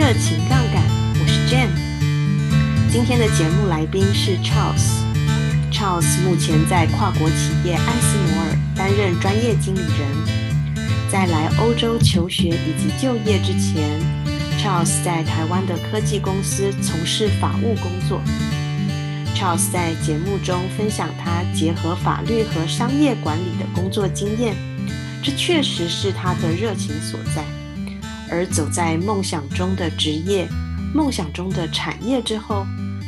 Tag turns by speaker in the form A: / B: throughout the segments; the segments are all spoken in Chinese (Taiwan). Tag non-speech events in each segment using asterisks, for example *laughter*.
A: 熱情槓桿，我是 Jenn。今天的節目來賓是 Charles。Charles 目前在跨國企業愛斯摩爾擔任專業經理人。在來歐洲求學以及就業之前，Charles 在台灣的科技公司從事法務工作。Charles 在節目中分享他結合法律和商業管理的工作經驗，這確實是他的熱情所在。而走在夢想中的職業、夢想中的產業之後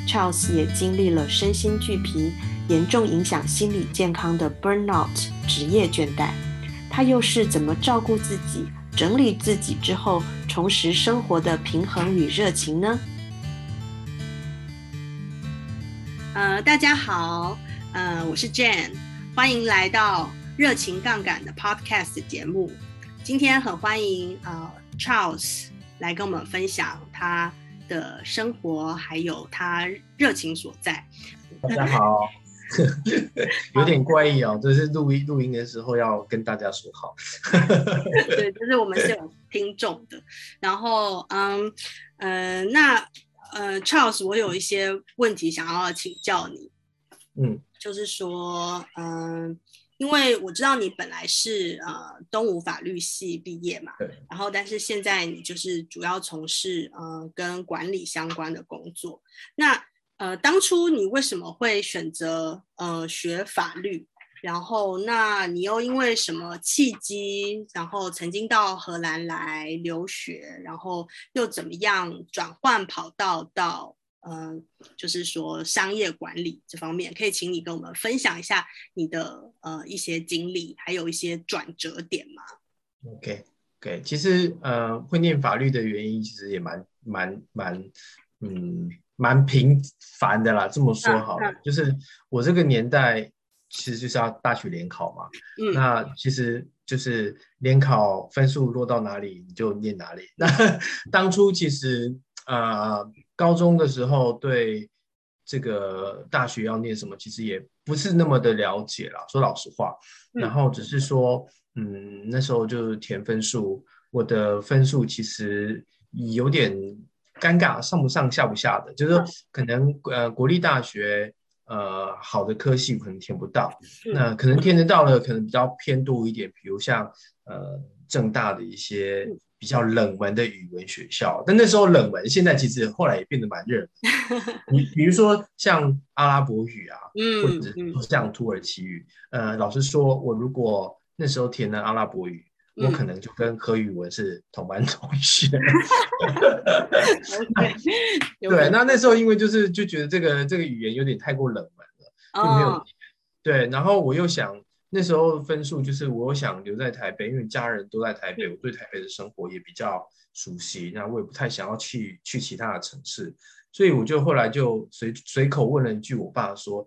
A: ，Charles 也經歷了身心俱疲、嚴重影響心理健康的 burnout 職業倦怠。他又是怎麼照顧自己、整理自己之後，重拾生活的平衡與熱情呢？呃，大家好，呃，我是 Jenn，歡迎來到《熱情槓桿》的 Podcast 節目。今天很歡迎，呃，Charles 來跟我們分享他的生活，還有他熱情所在。
B: 大家好， *laughs* *laughs* 有點怪異哦。這、就是錄音錄音的時候要跟大家說好。
A: *laughs* 對，就是我們是有聽眾的。然後，嗯，呃，那呃，Charles，我有一些問題想要請教你。嗯，就是說，嗯。因為我知道你本來是呃東吳法律系畢業嘛，對然後但是現在你就是主要從事呃跟管理相關的工作。那呃當初你為什麼會選擇呃學法律？然後那你又因為什麼契機，然後曾經到荷蘭來留學，然後又怎麼樣轉換跑道到？呃，就是說商業管理這方面，可以請你跟我們分享一下你的呃一些經歷，還有一些轉折點嗎
B: ？OK OK，其實呃，會念法律的原因其實也蠻蠻蠻，嗯，蠻平凡的啦。這麼說好了，啊啊、就是我這個年代其實就是要大學聯考嘛，嗯、那其實就是聯考分數落到哪裡你就念哪裡。那呵呵當初其實啊。呃高中的時候，對這個大學要念什麼其實也不是那麼的了解啦，說老實話，然後只是說，嗯，那時候就是填分數，我的分數其實有點尷尬，上不上下不下的，就是說可能呃國立大學呃好的科系可能填不到，那可能填得到了，可能比較偏度一點，比如像呃政大的一些。比較冷門的語文學校，但那時候冷門，現在其實後來也變得蠻熱門。比 *laughs* 比如說像阿拉伯語啊，嗯、或者像土耳其語。嗯、呃，老實說，我如果那時候填了阿拉伯語，嗯、我可能就跟何語文是同班同學。
C: 對，Okay.
B: 那那時候因為就是就覺得這個這個語言有點太過冷門
C: 了，就沒有、oh.
B: 對，然後我又想。那時候分數，就是我想留在台北，因為家人都在台北，我對台北的生活也比較熟悉。那我也不太想要去去其他的城市，所以我就後來就隨隨口問了一句我爸說：“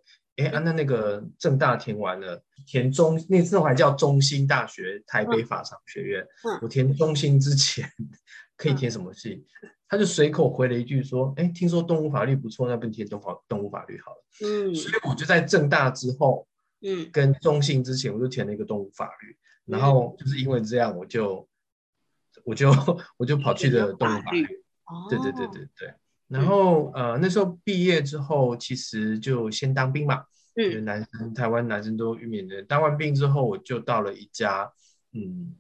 B: 按那、啊、那個政大填完了，填中那時候還叫中興大學台北法商學院，我填中興之前可以填什麼系？”他就隨口回了一句說：“哎，聽說東吳法律不錯，那不填東吳東吳法律好了。”
C: 嗯，所以我
B: 就在政大之後。嗯，跟中性之前我就填了一個動物法律，嗯、然後就是因為這樣，我就、嗯、我就我就跑去了動物法律，嗯、對，對對對對對。嗯、然後呃，那時候畢業之後，其實就先當兵嘛，嗯、因為男生台灣男生都避免的。當完兵之後，我就到了一家嗯，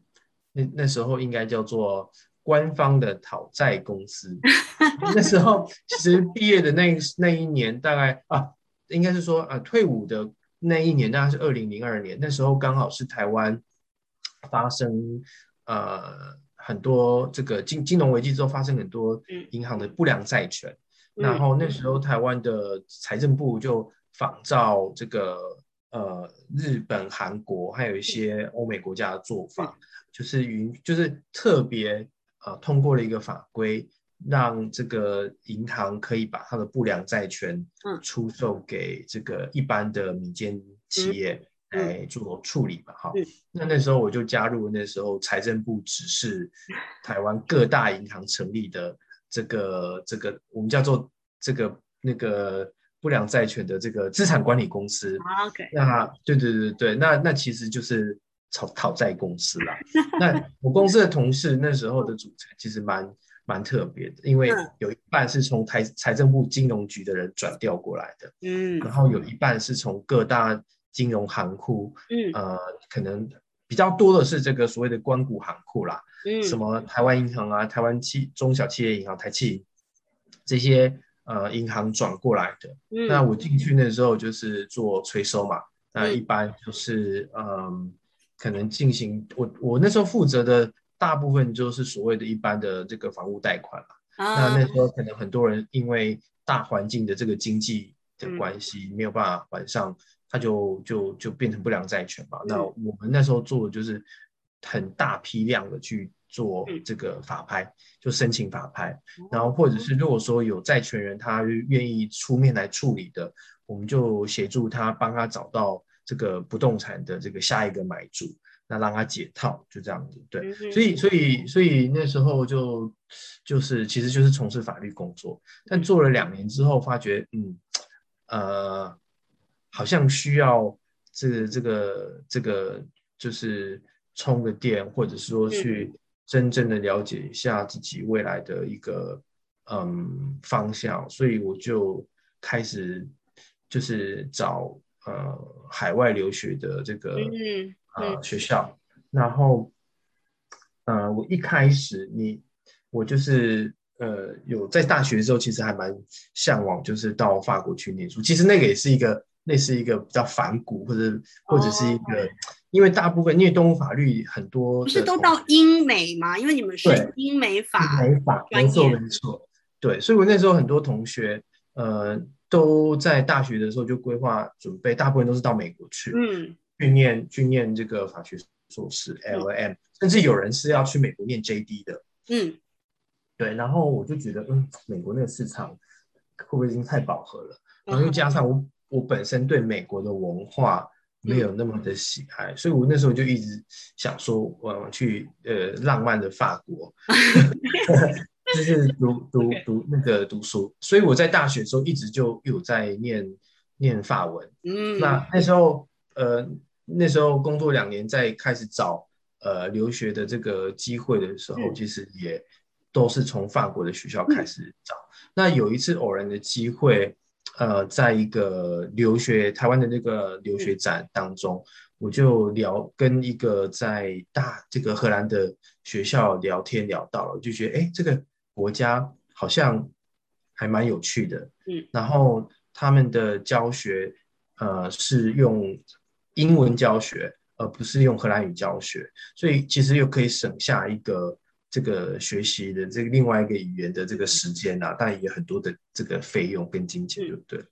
B: 那那時候應該叫做官方的討債公司。 *laughs* 那時候其實畢業的那那一年，大概啊，應該是說啊，退伍的。那一年當然是二零零二年，那時候剛好是台灣發生呃很多這個金金融危機之後發生很多銀行的不良債權，嗯、然後那時候台灣的財政部就仿照這個呃日本、韓國還有一些歐美國家的做法，嗯、就是雲就是特別呃通過了一個法規。讓這個銀行可以把它的不良債權，出售給這個一般的民間企業來做處理吧。哈、嗯，嗯、那那時候我就加入那時候財政部指示台灣各大銀行成立的這個這個我們叫做這個那個不良債權的這個資產管理公司。啊、
C: OK，那對
B: 對對對，那那其實就是討討債公司啦。那我公司的同事那時候的組成其實蠻。蠻特別的，因為有一半是從台財政部金融局的人轉調過來的，嗯，然後有一半是從各大金融行庫，嗯，呃，可能比較多的是這個所謂的官股行庫啦，嗯、什麼台灣銀行啊、台灣企中小企業銀行、台企這些呃銀行轉過來的。嗯、那我進去那時候就是做催收嘛，嗯、那一般就是嗯、呃，可能進行我我那時候負責的。大部分就是所謂的一般的這個房屋貸款啊，uh, 那那時候可能很多人因為大環境的這個經濟的關係，沒有辦法還上，mm hmm. 他就就就變成不良債權嘛。Mm hmm. 那我們那時候做的就是很大批量的去做這個法拍，mm hmm. 就申請法拍，然後或者是如果說有債權人他願意出面來處理的，mm hmm. 我們就協助他幫他找到這個不動產的這個下一個買主。那讓他解套，就這樣子。對，mm hmm. 所以，所以，所以那時候就就是，其實就是從事法律工作，但做了兩年之後，發覺，mm hmm. 嗯，呃，好像需要這個，這個，這個，就是充個電，mm hmm. 或者說去真正的了解一下自己未來的一個嗯方向，所以我就開始就是找呃海外留學的這個。Mm hmm. 啊，嗯、學校，然後，呃，我一開始你我就是呃，有在大學的時候，其實還蠻向往，就是到法國去念書。其實那個也是一個那是一個比較反骨，或者或者是一個，哦 okay. 因為大部分因為東吳法律很多不是都
A: 到英美嗎？
B: 因為你們是英美法，沒錯，沒錯，對。所以我那時候很多同學、嗯、呃都在大學的時候就規劃準備，大部分都是到美國去，嗯。去念去念這個法學碩士 L.M、嗯、甚至有人是要去美國念 J.D 的。嗯，對。然後我就覺得，嗯，美國那個市場會不會已經太飽和了？嗯、然後又加上我我本身對美國的文化沒有那麼的喜愛，嗯、所以我那時候就一直想說，我去呃浪漫的法國，嗯、 *laughs* 就是讀讀讀 Okay. 那個讀書。所以我在大學的時候一直就有在念念法文。嗯，
C: 那那
B: 時候呃。那時候工作兩年，再開始找呃留學的這個機會的時候，嗯、其實也都是從法國的學校開始找。嗯、那有一次偶然的機會，呃，在一個留學台灣的那個留學展當中，嗯、我就聊跟一個在大這個荷蘭的學校聊天，聊到了，就覺得哎、欸，這個國家好像還蠻有趣的。嗯、然後他們的教學呃是用。英文教學，而、呃、不是用荷蘭語教學，所以其實又可以省下一個這個學習的這個另外一個語言的這個時間吶、啊，但也有很多的這個費用跟金錢就對，對不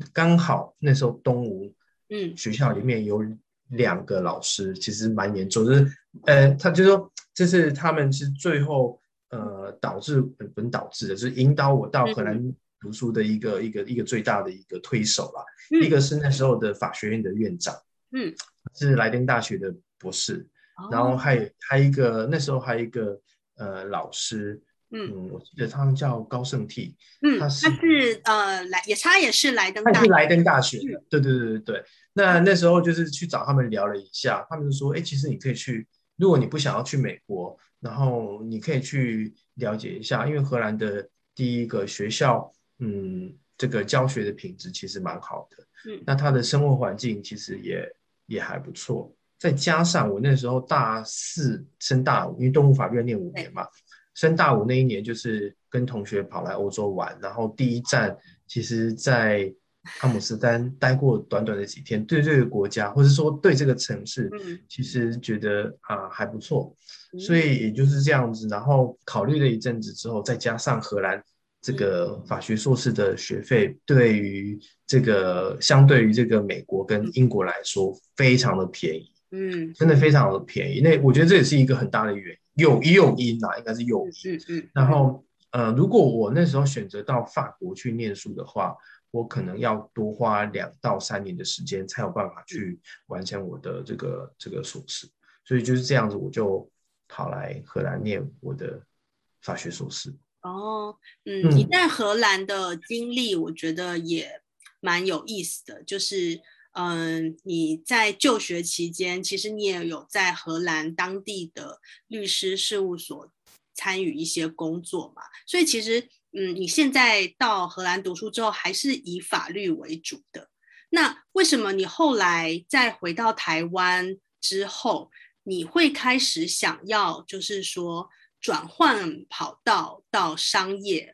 B: 對？剛好那時候東吳嗯學校裡面有兩個老師，嗯、其實蠻嚴重的，就是呃他就說這、就是他們是最後呃導致本導致的，就是引導我到荷蘭讀書的一個、嗯、一個一個最大的一個推手啦，嗯、一個是那時候的法學院的院長。嗯，是萊登大學的博士，
C: 哦、然後還有
B: 還有一個，那時候還有一個呃老師，
A: 嗯、嗯，我
B: 記得他們叫高盛 T，嗯，他是，
A: 他是呃萊也他也是萊登，他是
B: 萊登大學的，對是對對對對。那那時候就是去找他們聊了一下，他們就說，哎，其實你可以去，如果你不想要去美國，然後你可以去了解一下，因為荷蘭的第一個學校，嗯，這個教學的品質其實蠻好的，嗯，那他的生活環境其實也。也還不錯，再加上我那時候大四升大五，因為動物法院念五年嘛，對升大五那一年就是跟同學跑來歐洲玩，然後第一站其實，在阿姆斯丹待過短短的幾天， *laughs* 對這個國家或者說對這個城市，其實覺得啊、呃、還不錯，所以也就是這樣子，然後考慮了一陣子之後，再加上荷蘭。這個法學碩士的學費對於這個相對於這個美國跟英國來說非常的便宜，
C: 嗯，真
B: 的非常的便宜。那我覺得這也是一個很大的原因，有誘因吶、啊，應該是有因。是是是。然後，呃，如果我那時候選擇到法國去念書的話，我可能要多花兩到三年的時間才有辦法去完成我的這個、嗯、這個碩士。所以就是這樣子，我就跑來荷蘭念我的法學碩士。
A: 哦，oh, 嗯，你在荷蘭的經歷，我覺得也蠻有意思的。就是，嗯，你在就學期間，其實你也有在荷蘭當地的律師事務所參與一些工作嘛。所以，其實，嗯，你現在到荷蘭讀書之後，還是以法律為主的。那為什麼你後來再回到台灣之後，你會開始想要，就是說，轉換跑道到商業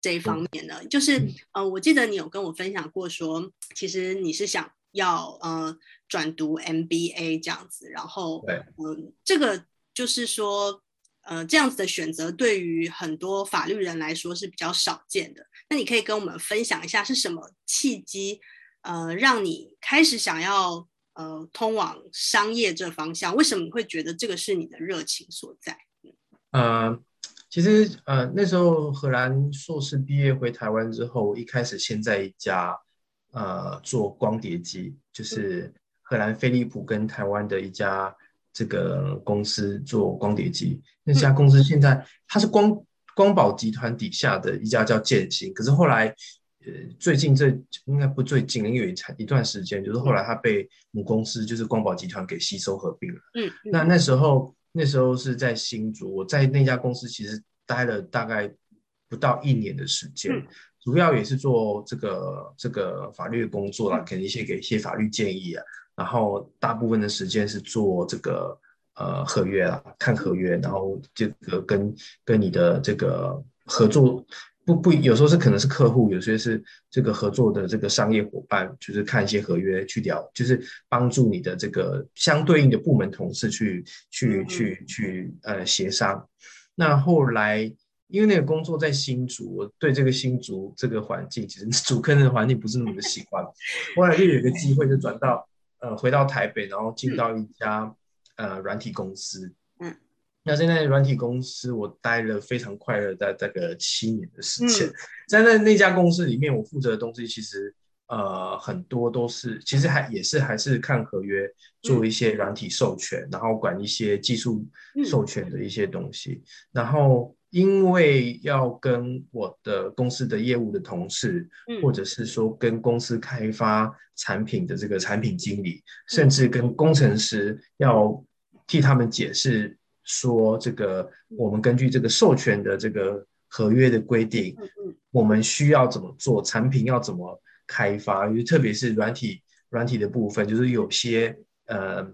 A: 這一方面呢，就是呃，我記得你有跟我分享過說，說其實你是想要呃轉讀 MBA 這樣子，然後嗯、呃，這個就是說呃這樣子的選擇對於很多法律人來說是比較少見的。那你可以跟我們分享一下是什麼契機呃讓你開始想要呃通往商業這方向？為什麼你會覺得這個是你的熱情所在？
B: 呃，其實呃，那時候荷蘭碩士畢業回台灣之後，一開始先在一家呃做光碟機，就是荷蘭飛利浦跟台灣的一家這個公司做光碟機。那家公司現在它是光光寶集團底下的一家叫建新，可是後來呃最近這應該不最近，因為才一段時間，就是後來它被母公司就是光寶集團給吸收合併了嗯。嗯，那那時候。那時候是在新竹，我在那家公司其實待了大概不到一年的時間，主要也是做這個這個法律的工作可，啊，給一些給一些法律建議啊，然後大部分的時間是做這個呃合約啊，看合約，然後這個跟跟你的這個合作不不，有時候是可能是客戶，有些是這個合作的這個商業夥伴，就是看一些合約去聊，就是幫助你的這個相對應的部門同事去去去去呃協商。那後來因為那個工作在新竹，我對這個新竹這個環境，其實竹科的環境不是那麼的喜歡。後來就有一個機會，就轉到呃回到台北，然後進到一家呃軟體公司。那現在軟體公司，我待了非常快樂的這個七年的時間，在那那家公司裡面，我負責的東西其實呃很多都是，其實還也是還是看合約做一些軟體授權，然後管一些技術授權的一些東西，然後因為要跟我的公司的業務的同事，或者是說跟公司開發產品的這個產品經理，甚至跟工程師要替他們解釋。說這個，我們根據這個授權的這個合約的規定，我們需要怎麼做？產品要怎麼開發？因為特別是軟體軟體的部分，就是有些呃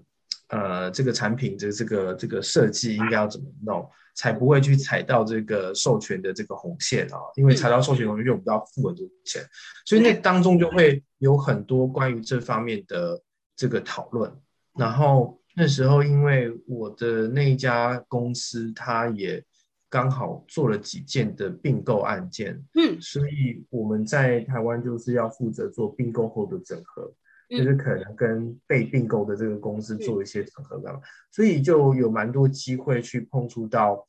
B: 呃，這個產品的這個這個設計應該要怎麼弄，才不會去踩到這個授權的這個紅線啊。因為踩到授權紅線，我們就要付很多錢。所以那當中就會有很多關於這方面的這個討論，然後。那時候，因為我的那一家公司，它也剛好做了幾件的併購案件，嗯，所以我們在台灣就是要負責做併購後的整合，嗯，就是可能跟被併購的這個公司做一些整合幹嘛，嗯，所以就有蠻多機會去碰觸到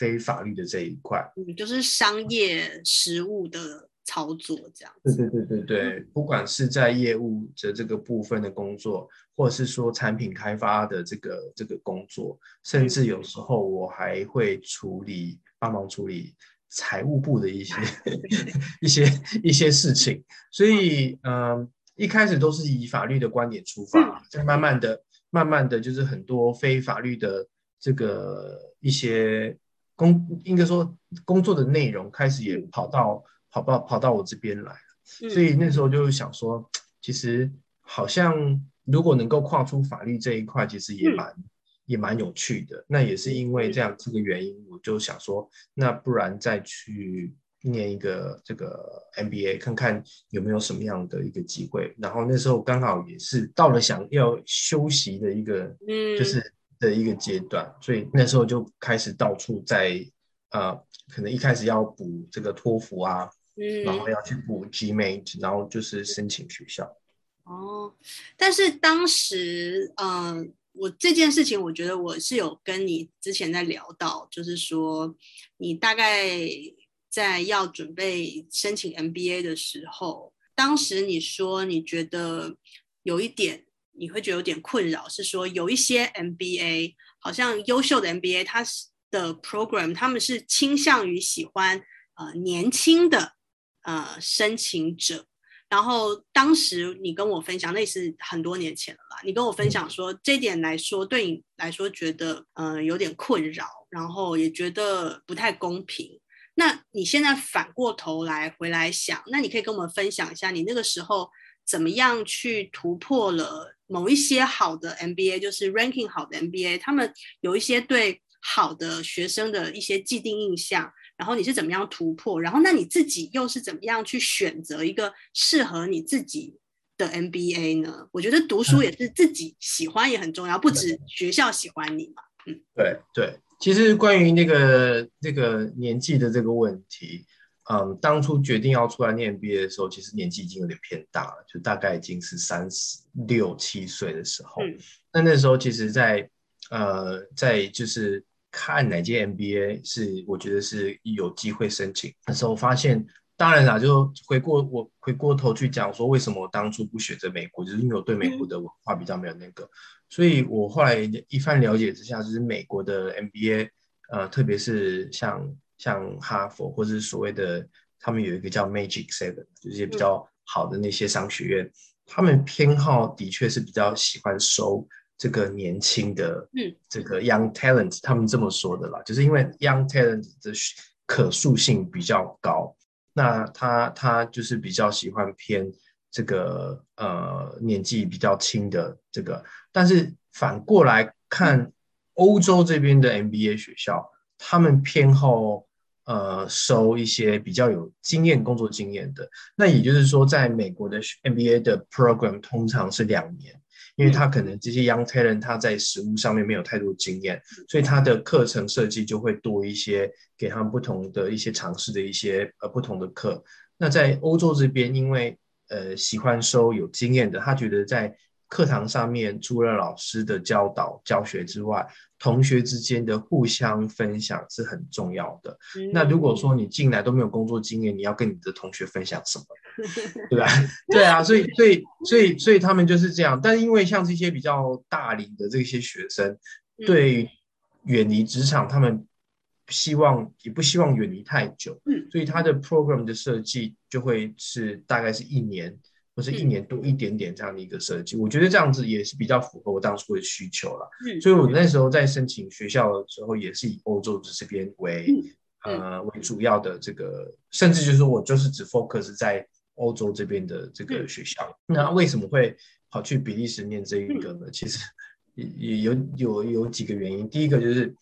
B: 非法律的這一塊，嗯，
A: 就是商業實務的操作這樣，
B: 對對對對對，嗯，不管是在業務的這個部分的工作，或者是說產品開發的這個這個工作，甚至有時候我還會處理，幫忙處理財務部的一些 *laughs* *laughs* 一些一些事情。所以，嗯，嗯，一開始都是以法律的觀點出發，再慢慢的、慢慢的就是很多非法律的這個一些工，應該說工作的內容開始也跑到。跑到跑到我這邊來，
D: 所以那時
B: 候就是想說，其實好像如果能夠跨出法律這一塊，其實也蠻也蠻有趣的。那也是因為這樣這個原因，我就想說，那不然再去念一個這個 MBA，看看有沒有什麼樣的一個機會。然後那時候剛好也是到了想要休息的一個，嗯，就是的一個階段，所以那時候就開始到處在啊、呃，可能一開始要補這個托福啊。然後要去補 GMAT 然後就是申請學校。嗯、
A: 哦，但是當時，嗯、呃，我這件事情，我覺得我是有跟你之前在聊到，就是說你大概在要準備申請 MBA 的時候，當時你說你覺得有一點你會覺得有點困擾，是說有一些 MBA 好像優秀的 MBA，他的 program，他們是傾向於喜歡呃年輕的。呃，申請者，然後當時你跟我分享，那是很多年前了啦。你跟我分享說，這點來說對你來說覺得呃有點困擾，然後也覺得不太公平。那你現在反過頭來回來想，那你可以跟我們分享一下，你那個時候怎麼樣去突破了某一些好的 MBA，就是 ranking 好的 MBA，他們有一些對好的學生的一些既定印象。然後你是怎麼樣突破？然後那你自己又是怎麼樣去選擇一個適合你自己的 MBA 呢？我覺得讀書也是自己喜歡也很重要，嗯、不止學校喜歡你嘛。嗯，
B: 對對，其實關於那個那個年紀的這個問題，嗯，當初決定要出來念 MBA 的時候，其實年紀已經有點偏大了，就大概已經是三十六七歲的時候。嗯，那那時候其實在，在呃，在就是。看哪屆 MBA 是，我覺得是有機會申請。那時候發現，當然啦，就回過我回過頭去講說，為什麼我當初不選擇美國，就是因為我對美國的文化比較沒有那個。嗯、所以我後來一番了解之下，就是美國的 MBA，呃，特別是像像哈佛或者是所謂的他們有一個叫 Magic s e v e 就是一些比較好的那些商學院，嗯、他們偏好的確是比較喜歡收。這個年輕的，嗯，這個 young talent，嗯，他們這麼說的啦，就是因為 young talent 的可塑性比較高，那他他就是比較喜歡偏這個呃年紀比較輕的這個，但是反過來看，歐洲這邊的 MBA 學校，他們偏好呃收一些比較有經驗工作經驗的，那也就是說，在美國的 MBA 的 program 通常是兩年。因為他可能這些 Young Talent 他在實務上面沒有太多經驗，所以他的課程設計就會多一些，給他們不同的一些嘗試的一些呃不同的課。那在歐洲這邊，因為呃喜歡收有經驗的，他覺得在課堂上面除了老師的教導教學之外，同學之間的互相分享是很重要的。那如果說你進來都沒有工作經驗，你要跟你的同學分享什麼，對吧？ *laughs* 對啊，所以所以所以所以他們就是這樣。但因為像這些比較大齡的這些學生，對遠離職場，他們希望也不希望遠離太久，所以他的 program 的設計就會是大概是一年。不是一年多一點點這樣的一個設計，嗯、我覺得這樣子也是比較符合我當初的需求了。嗯、所以，我那時候在申請學校的時候，也是以歐洲這邊為、嗯、呃為主要的這個，甚至就是我就是只 focus 在歐洲這邊的這個學校。嗯、那為什麼會跑去比利時念這一個呢？其實也有有有幾個原因，第一個就是。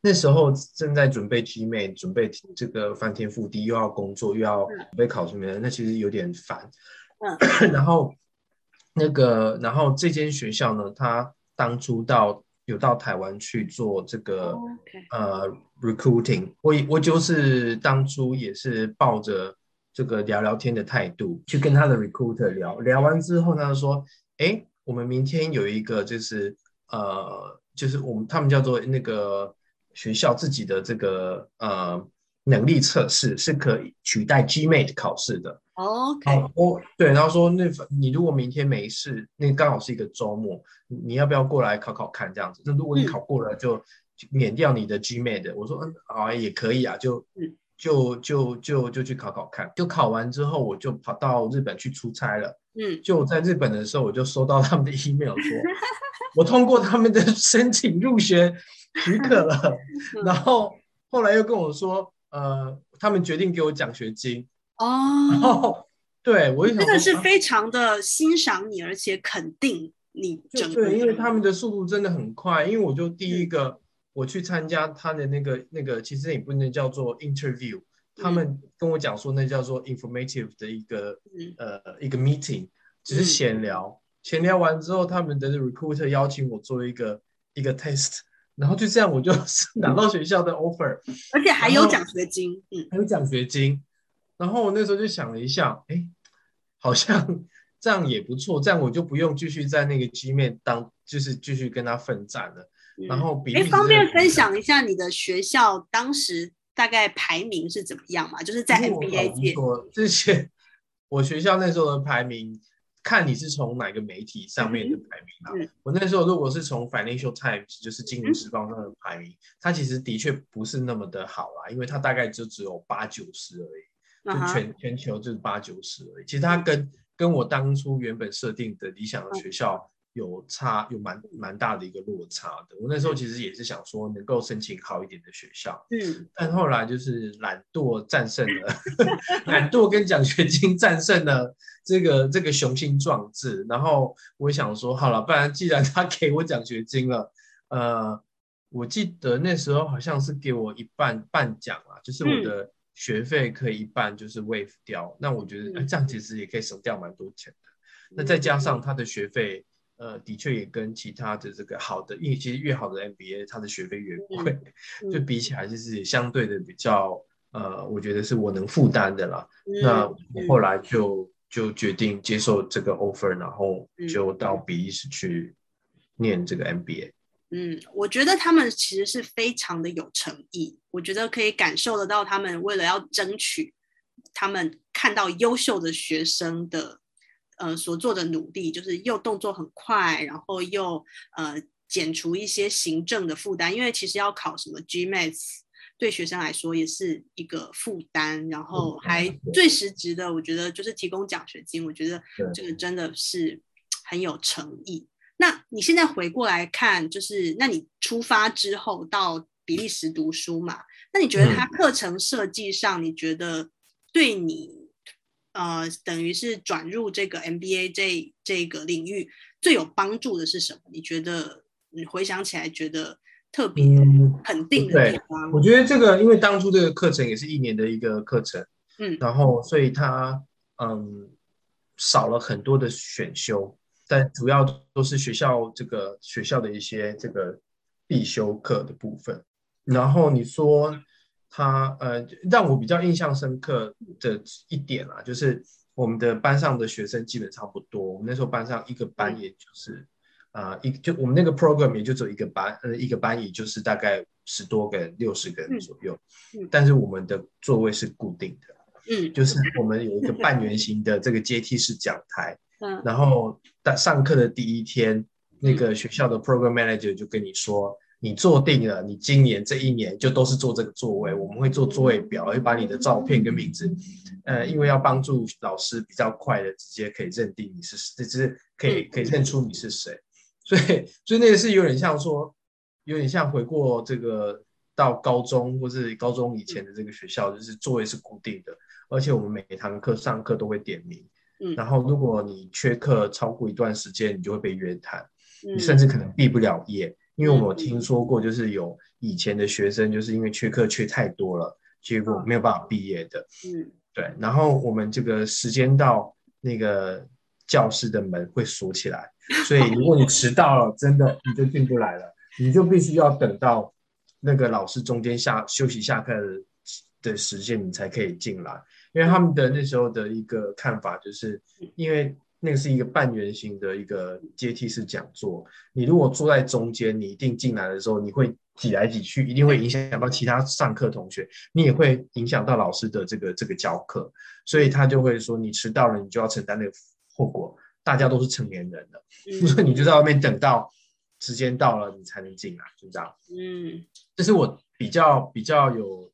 B: 那時候正在準備 GMAT，準備這個翻天覆地，又要工作，又要備考什麼的，那其實有點煩。嗯、 *coughs* 然後那個，然後這間學校呢，他當初到有到台灣去做這個、oh, okay. 呃 recruiting，我我就是當初也是抱着這個聊聊天的態度去跟他的 recruiter 聊聊完之後呢，說，哎，我們明天有一個就是呃。就是我們他們叫做那個學校自己的這個呃能力測試是可以取代 GMAT 考試的。Oh, OK，哦對，然後說，那你如果明天沒事，那剛好是一個週末你，你要不要過來考考看這樣子？那如果你考過了，就免掉你的 GMAT。嗯、我說、嗯、好，啊也可以啊，就。嗯就就就就去考考看，就考完之後，我就跑到日本去出差了。嗯，就我在日本的時候，我就收到他們的 email 說， *laughs* 我通過他們的申請入學許可了。 *laughs* 然後後來又跟我說，呃，他們決定給我獎學金。哦，對我也真的是
A: 非常的欣賞你，而且肯定你整個的。對，
B: 因為他們的速度真的很快，因為我就第一個。我去參加他的那個那個，其實也不能叫做 interview、嗯、他們跟我講說那叫做 informative 的一個、嗯、呃一個 meeting，只是閒聊。閒、嗯、聊完之後，他們的 recruiter 邀請我做一個一個 test，然後就這樣，我就、嗯、拿到學校的 offer，而且還有獎學金，後嗯，還有獎學金。然後我那時候就想了一下，哎、欸，好像這樣也不錯，這樣我就不用繼續在那個局面當，就是繼續跟他奮戰了。然後比，哎，方便分
A: 享一下你的學校當時大概排名是怎麼樣嘛？就是在
B: MBA 我之前我學校那時候的排名，看你是從哪個媒體上面的排名啊？嗯嗯、我那時候如果是從 Financial Times，就是金融時報上的排名，嗯、它其實的確不是那麼的好啦、啊，因為它大概就只有八九十而已，
D: 就全、嗯、
B: 全球就是八九十而已。其實它跟、嗯、跟我當初原本設定的理想的學校。嗯有差，有蠻蠻大的一個落差的。我那時候其實也是想說能夠申請好一點的學校，嗯，但後來就是懶惰戰勝了，嗯、 *laughs* 懶惰跟獎學金戰勝了這個這個雄心壯志。然後我想說，好了，不然既然他給我獎學金了，呃，我記得那時候好像是給我一半半獎啊，就是我的學費可以一半就是 waive 掉。嗯、那我覺得、呃、這樣其實也可以省掉蠻多錢的。嗯、那再加上他的學費。呃，的確也跟其他的這個好的，因為其實越好的 MBA，他的學費越貴，嗯、就比起來就是相對的比較，呃，我覺得是我能負擔的了。嗯、那我後來就、嗯、就決定接受這個 offer，然後就到比利時去念這個 MBA。嗯，
A: 我覺得他們其實是非常的有誠意，我覺得可以感受得到他們為了要爭取，他們看到優秀的學生的。呃，所做的努力就是又動作很快，然後又呃減除一些行政的負擔，因為其實要考什麼 GMAT，對學生來說也是一個負擔。然後還最實質的，我覺得就是提供獎學金，我覺得這個真的是很有誠意。那你現在回過來看，就是那你出發之後到比利時讀書嘛？那你覺得它課程設計上，你覺得對你？呃，等於是轉入這個 MBA 這這個領域最有幫助的是什麼？你覺得你回想起來覺得特別肯定的地方？嗯，對。我覺
B: 得這個，因為當初這個課程也是一年的一個課程，嗯，然後所以它嗯少了很多的選修，但主要都是學校這個學校的一些這個必修課的部分。然後你說。他呃，讓我比較印象深刻的一點啊，就是我們的班上的學生基本差不多。我們那時候班上一個班，也就是啊，一、嗯呃、就我們那個 program 也就只有一個班，呃，一個班也就是大概十多個人，六十個人左右。嗯嗯、但是我們的座位是固定的，嗯，就是我們有一個半圓形的這個階梯式講台，嗯，然後在上課的第一天，那個學校的 program manager 就跟你說。你坐定了，你今年這一年就都是坐這個座位。我們會做座位表，會、嗯、把你的照片跟名字，嗯、呃，因為要幫助老師比較快的直接可以認定你是，就是可以可以認出你是誰。嗯、所以，所以那個是有點像說，有點像回過這個到高中或是高中以前的這個學校，嗯、就是座位是固定的，而且我們每堂課上課都會點名。嗯、然後如果你缺課超過一段時間，你就會被約談，嗯、
C: 你甚至可能
B: 畢不了業。因為我聽說過，就是有以前的學生，就是因為缺課缺太多了，結果沒有辦法畢業的。對。然後我們這個時間到，那個教室的門會鎖起來，所以如果你遲到了， *laughs* 真的你就進不來了，你就必須要等到那個老師中間下休息下課的的時間，你才可以進來。因為他們的那時候的一個看法就是，因為。那個是一個半圓形的一個階梯式講座，你如果坐在中間，你一定進來的時候你會擠來擠去，一定會影響到其他上課同學，你也會影響到老師的這個這個教課，所以他就會說你遲到了，你就要承擔那個後果，大家都是成年人了，嗯、所以你就在外面等到時間到了你才能進來，就這樣。嗯，這是我比較比較有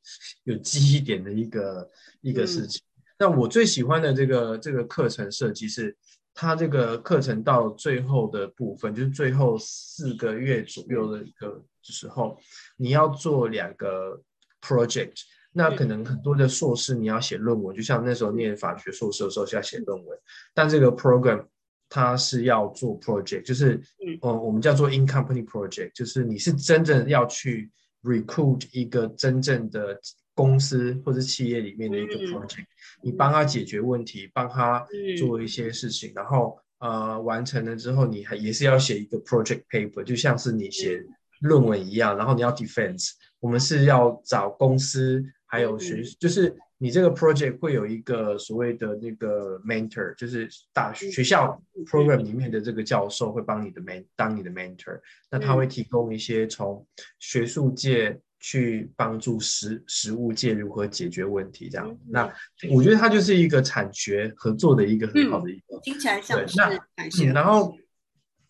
B: 有記憶點的一個一個事情。那、嗯、我最喜歡的這個這個課程設計是。他這個課程到最後的部分，就是最後四個月左右的一個時候，你要做兩個 project。那可能很多的碩士你要寫論文，就像那時候念法學碩士的時候是要寫論文。但這個 program 它是要做 project，就是呃我們叫做 in company project，就是你是真正要去 recruit 一個真正的。公司或者企業裡面的一個 project，嗯、你幫他解決問題，幫他做一些事情，嗯、然後呃完成了之後，你還也是要寫一個 project paper，就像是你寫論文一樣，嗯、然後你要 defense，我們是要找公司還有學，嗯、就是你這個 project 會有一個所謂的那個 mentor，就是大學校 program 裡面的這個教授會幫你的 man 當你的 mentor，那他會提供一些從學術界。去幫助實、實務界如何解決問題，這樣，嗯嗯，那我覺得它就是一個產學合作的一個很
D: 好的一個，嗯、對聽起來像
B: 是對那、嗯。然後，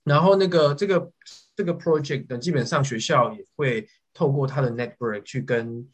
B: 然後那個這個這個 project 呢，基本上學校也會透過他的 network 去跟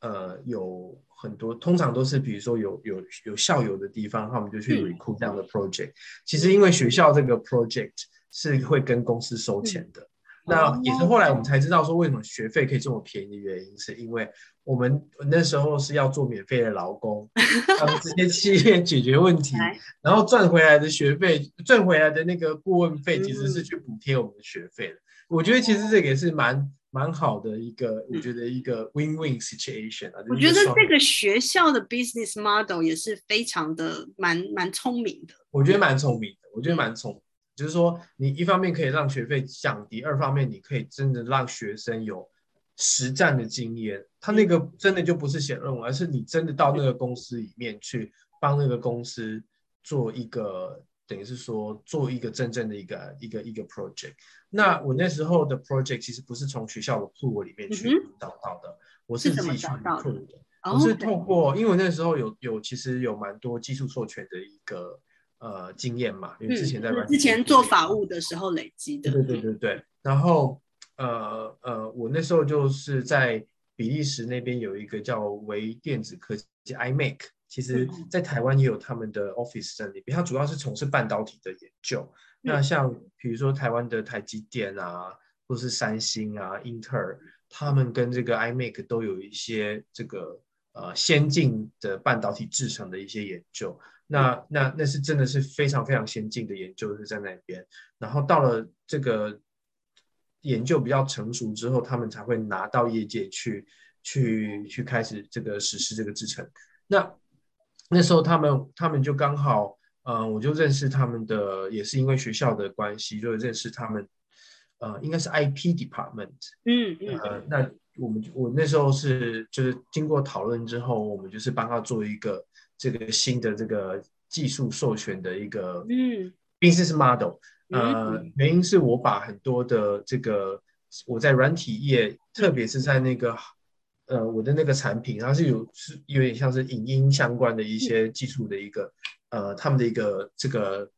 B: 呃有很多，通常都是比如說有有有校友的地方，那我們就去 recruit 這樣的 project。嗯、其實因為學校這個 project 是會跟公司收錢的。嗯那也是後來我們才知道，說為什麼學費可以這麼便宜的原因，是因為我們那時候是要做免費的勞工，然後直接去解決問題， *laughs* 然後賺回來的學費，賺回來的那個顧問費，其實是去補貼我們的學費的。嗯、我覺得其實這個也是蠻蠻好的一個，我覺得一個 win-win win situation 啊。我覺得這個
A: 學校的 business model 也是非常的蠻蠻的蠻聰明
B: 的。我覺得蠻聰明的，我覺得蠻聰。就是說，你一方面可以讓學費降低，二方面你可以真的讓學生有實戰的經驗。他那個真的就不是寫論文，而是你真的到那個公司裡面去幫那個公司做一個，等於是說做一個真正的一個一個一個 project。那我那時候的 project 其實不是從學校的庫裡面去找到的，嗯、哼我是自己去
A: pool 的，是怎麼找到的 Oh, 我是透過
B: okay. 因為我那時候有有其實有蠻多技術授權的一個。呃，經驗嘛，因為之前在、嗯、之
A: 前做法務的時候累積的。
B: 對對對對。然後呃呃，我那時候就是在比利時那邊有一個叫微電子科技 iMake，其實在台灣也有他們的 office 設立。它主要是從事半導體的研究。嗯、那像比如說台灣的台積電啊，或是三星啊、英特爾，他們跟這個 iMake 都有一些這個呃先進的半導體製程的一些研究。那那那是真的是非常非常先進的研究是在那邊，然後到了這個研究比較成熟之後，他們才會拿到業界去去去開始這個實施這個製程。那那時候他們他們就剛好，呃，我就認識他們的，也是因為學校的關係，就認識他們，呃，應該是 IP department，嗯嗯，嗯呃，那我們我那時候是就是經過討論之後，我們就是幫他做一個。這個新的這個技術授權的一個 business model，嗯、呃，原因是我把很多的這個我在軟體業，特別是在那個呃我的那個產品，它是有是有點像是影音相關的一些技術的一個，嗯、呃，他們的一個這個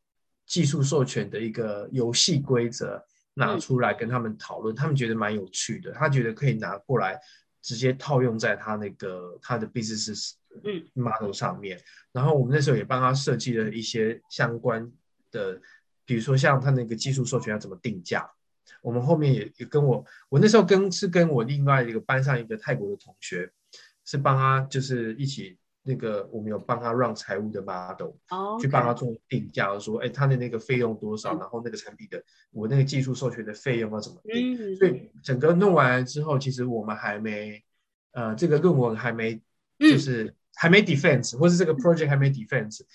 B: 技術授權的一個遊戲規則拿出來跟他們討論，嗯，他們覺得蠻有趣的，他覺得可以拿過來。直接套用在他那個他的 business model 上面，然後我們那時候也幫他設計了一些相關的，比如說像他那個技術授權要怎麼定價，我們後面也也跟我，我那時候跟是跟我另外一個班上一個泰國的同學，是幫他就是一起。那個我們有幫他讓財務的 model、oh, okay. 去幫他做定價說，說，哎他的那個費用多少，嗯、然後那個產品的我那個技術授權的費用啊怎麼，嗯、所以整個弄完了之後，其實我們還沒，呃，這個論文還沒，嗯、就是還沒 defense，或是這個 project 還沒 defense、嗯、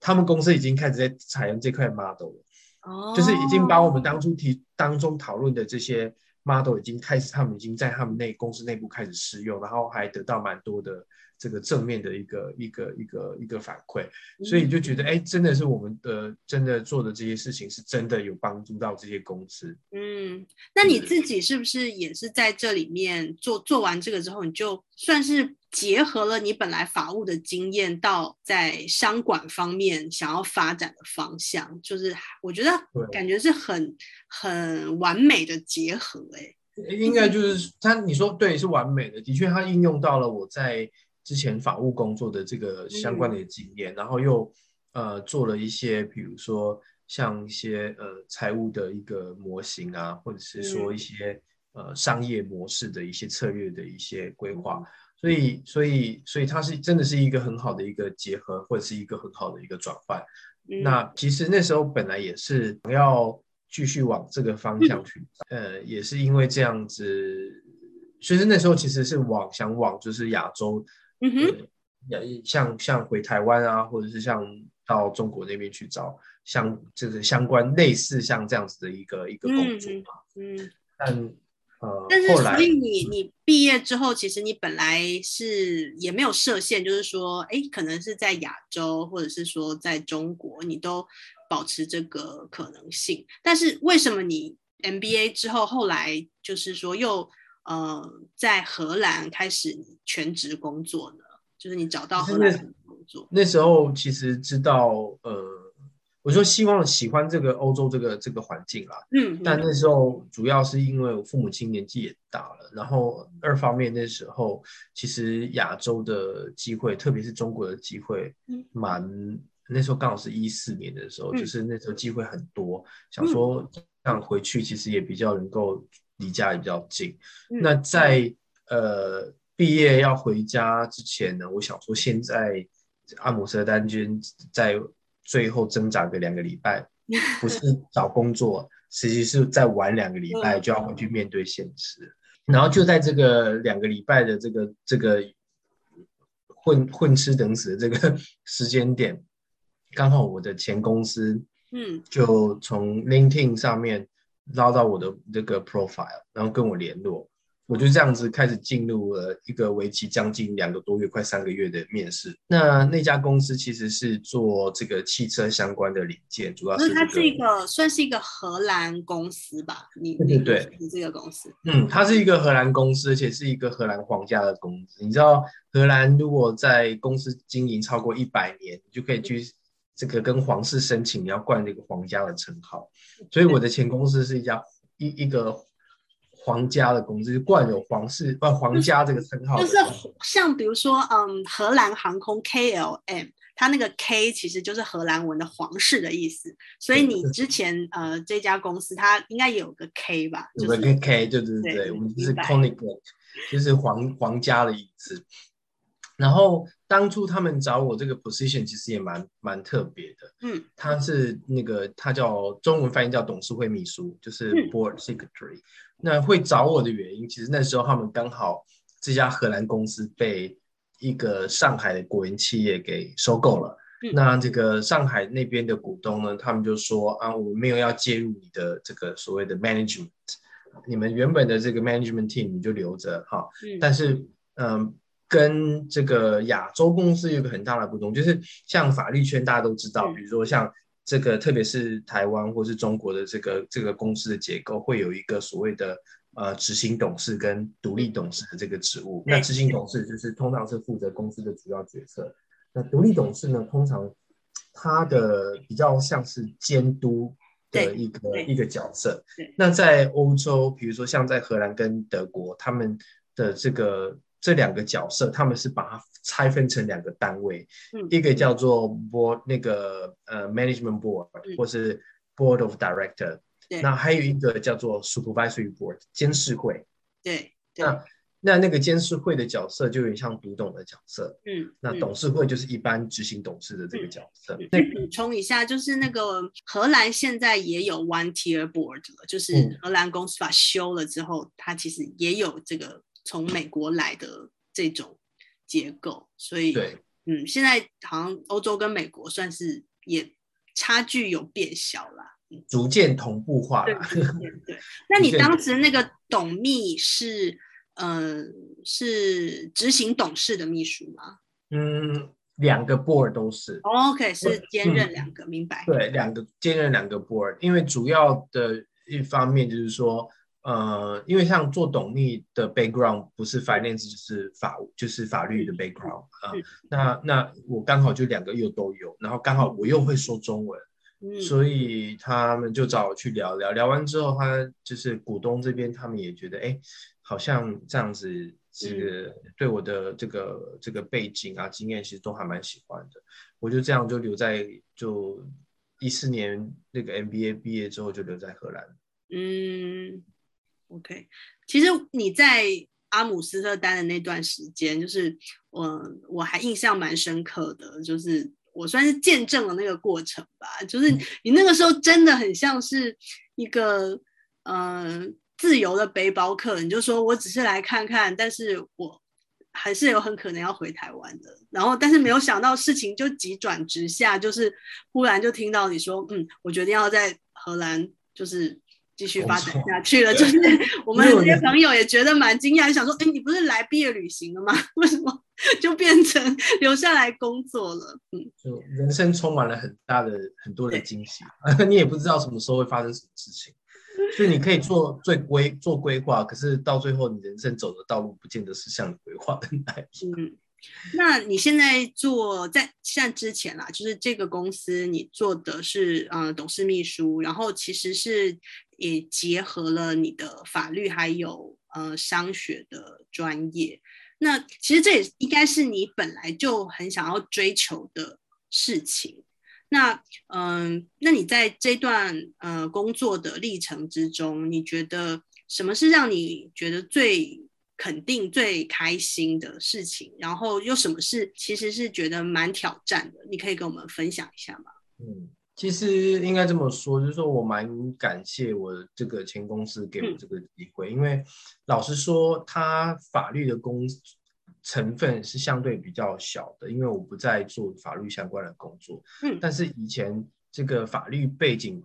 B: 他們公司已經開始在採用這塊 model 了，哦，oh.
C: 就是已經把
B: 我們當初提當中討論的這些 model 已經開始，他們已經在他們那公司內部開始試用，然後還得到蠻多的。這個正面的一個一個一個一個反饋，所以就覺得、嗯、哎，真的是我們的真的做的這些事情是真的有幫助到這些公司。
A: 嗯，那你自己是不是也是在這裡面做、就是、做完這個之後，你就算是結合了你本來法務的經驗，到在商管方面想要發展的方向，就是我覺得感覺是很對很完美的結合、欸。哎，應該就
B: 是、嗯、他你說，對是完美的，的確他應用到了我在。之前法務工作的這個相關的經驗，嗯、然後又呃做了一些，比如說像一些呃財務的一個模型啊，或者是說一些、嗯、呃商業模式的一些策略的一些規劃、嗯，所以所以所以它是真的是一個很好的一個結合，或者是一個很好的一個轉換。嗯、那其實那時候本來也是想要繼續往這個方向去，嗯、呃，也是因為這樣子，其實那時候其實是往想往就是亞洲。嗯哼、mm hmm.，像像回台灣啊，或者是像到中國那邊去找，像就是相關類似像這樣子的一個一個工作嘛，嗯、mm，hmm. 但呃，但
A: 是所以你你畢業之後，其實你本來是也沒有設限，就是說，哎、欸，可能是在亞洲，或者是說在中國，你都保持這個可能性。但是為什麼你 MBA 之後，後來就是說又？呃，在荷蘭開始全職工作呢，就是你找到荷
B: 蘭的工作。那時候其實知道，呃，我說希望喜歡這個歐洲這個這個環境啦，嗯，但那時候主要是因為我父母親年紀也大了，然後二方面那時候其實亞洲的機會，特別是中國的機會，嗯，蠻那時候剛好是一四年的時候，就是那時候機會很多，嗯，想說這樣回去其實也比較能夠。離家也比較近，嗯、
C: 那在、
B: 嗯、呃畢業要回家之前呢，我想說，現在阿姆斯特丹君在最後掙扎個兩個禮拜， *laughs* 不是找工作，實際是在玩兩個禮拜就要回去面對現實。嗯、然後就在這個兩個禮拜的這個這個混混吃等死的這個時間點，剛好我的前公司
C: 嗯就
B: 從 LinkedIn 上面。撈到我的這個 profile，然後跟我聯絡，我就這樣子開始進入了一個為期將近兩個多月、快三個月的面試。那那家公司其實是做這個汽車相關的零件，主要是它是一
A: 個算是一個荷蘭公司吧？你、嗯、對，你這個公司，嗯，
B: 它是一個荷蘭公司，而且是一個荷蘭皇家的公司。你知道，荷蘭如果在公司經營超過一百年，你就可以去。這個跟皇室申請，你要冠這個皇家的稱號，所以我的前公司是一家對一一,一個皇家的公司，冠有皇室不、啊、皇家這個稱號。就是
A: 像比如說，嗯，荷蘭航空 KLM，它那個 K 其實就是荷蘭文的皇室的意思。所以你之前對呃這家公司，它應該也有個 K 吧？有個 K，對
B: 對對對，我們就是 c o n i n i，就是皇皇家的意思。然後當初他們找我這個 position，其實也蠻蠻特別的。嗯，他是那個他叫中文翻譯叫董事會秘書，就是 board secretary、嗯。那會找我的原因，其實那時候他們剛好這家荷蘭公司被一個上海的國營企業給收購了。嗯、那這個上海那邊的股東呢，他們就說啊，我沒有要介入你的這個所謂的 management，你們原本的這個 management team 你就留着哈。嗯、但是嗯。跟這個亞洲公司有個很大的不同，就是像法律圈大家都知道，比如說像這個，特別是台灣或是中國的這個這個公司的結構，會有一個所謂的呃執行董事跟獨立董事的這個職務。那執行董事就是通常是負責公司的主要決策，那獨立董事呢，通常他的比較像是監督的一個一個角色。那在歐洲，比如說像在荷蘭跟德國，他們的這個。這兩個角色，他們是把它拆分成兩個單位，
C: 一個叫
B: 做 board 那個呃 management board 或是 board of director，那還有一個叫做 supervisory board 監事會。對，那那個監事會的角色就有點像獨董的角色，嗯，
A: 那董事會
B: 就是一般執行董事的這個角色。再補
A: 充一下，就是那個荷蘭現在也有 one tier board 了，就是荷蘭公司法修了之後，它其實也有這個。從美國來的這種結構，所以對嗯，現在好像歐洲跟美國算是也差距，有變小了，
B: 逐漸同步化了。對、
A: 對、對，那你當時那個董秘是嗯漸、呃，是執行董事的秘書嗎？嗯，
B: 兩個 board 都是，oh，OK，是兼任
A: 兩個，嗯，明白。對，兩
B: 個兼任兩個 board，因為主要的一方面就是說。呃、嗯，因為像做董秘的 background 不是 finance 就是法就是法律的 background 啊，嗯、那那我剛好就兩個又都有，然後剛好我又會說中文，所以他們就找我去聊聊，聊完之後，他就是股東這邊他們也覺得，哎、欸，好像這樣子是對我的這個這個背景啊經驗其實都還蠻喜歡的，我就這樣就留在就一四年那個 MBA 畢業之後就留在荷蘭，嗯。
A: OK，其實你在阿姆斯特丹的那段時間，就是我我還印象蠻深刻的，就是我算是見證了那個過程吧。就是你那個時候真的很像是一個，呃，自由的背包客，你就說我只是來看看，但是我還是有很可能要回台灣的。然後，但是沒有想到事情就急轉直下，就是忽然就聽到你說，嗯，我決定要在荷蘭，就是。繼續發展下去了，錯就是我們一些朋友也覺得蠻驚訝，想說：“哎、欸，你不是來畢業旅行了嗎？為什麼就變成留下來工作了？”
B: 嗯，就人生充滿了很大的很多的驚喜對 *laughs* 你也不知道什麼時候會發生什麼事情，所以你可以做最規做規劃，可是到最後你人生走的道路不見得是像你規劃的那
A: 樣。嗯 *noise* 那你現在做在像之前啦，就是這個公司你做的是呃董事秘書，然後其實是也結合了你的法律還有呃商學的專業。那其實這也應該是你本來就很想要追求的事情。那嗯、呃，那你在這段呃工作的歷程之中，你覺得什麼是讓你覺得最？肯定最開心的事情，然後有什麼事，其實是覺得蠻挑戰的？你可以跟我們分享一下嗎？嗯，
B: 其實應該這麼說，就是說我蠻感謝我這個前公司給我這個機會，嗯、因為老實說，他法律的工成分是相對比較小的，因為我不再做法律相關的工作。嗯，但是以前這個法律背景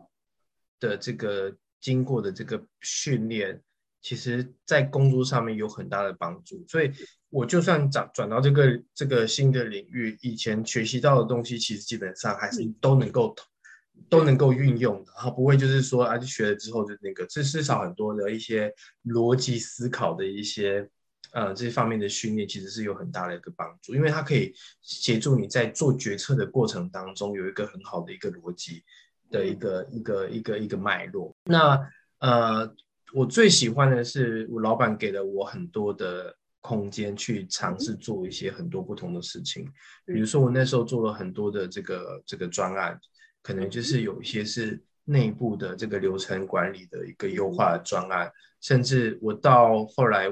B: 的這個經過的這個訓練。其實在工作上面有很大的幫助，所以我就算轉轉到這個這個新的領域，以前學習到的東西，其實基本上還是都能夠都能夠運用的，不會就是說啊，學了之後就是那個，至至少很多的一些邏輯思考的一些呃這方面的訓練，其實是有很大的一個幫助，因為它可以協助你在做決策的過程當中有一個很好的一個邏輯的一個一個一個一個，一個脈絡。那呃。我最喜歡的是，我老板給了我很多的空間去嘗試做一些很多不同的事情。比如說，我那時候做了很多的這個這個專案，可能就是有一些是內部的這個流程管理的一個優化的專案，甚至我到後來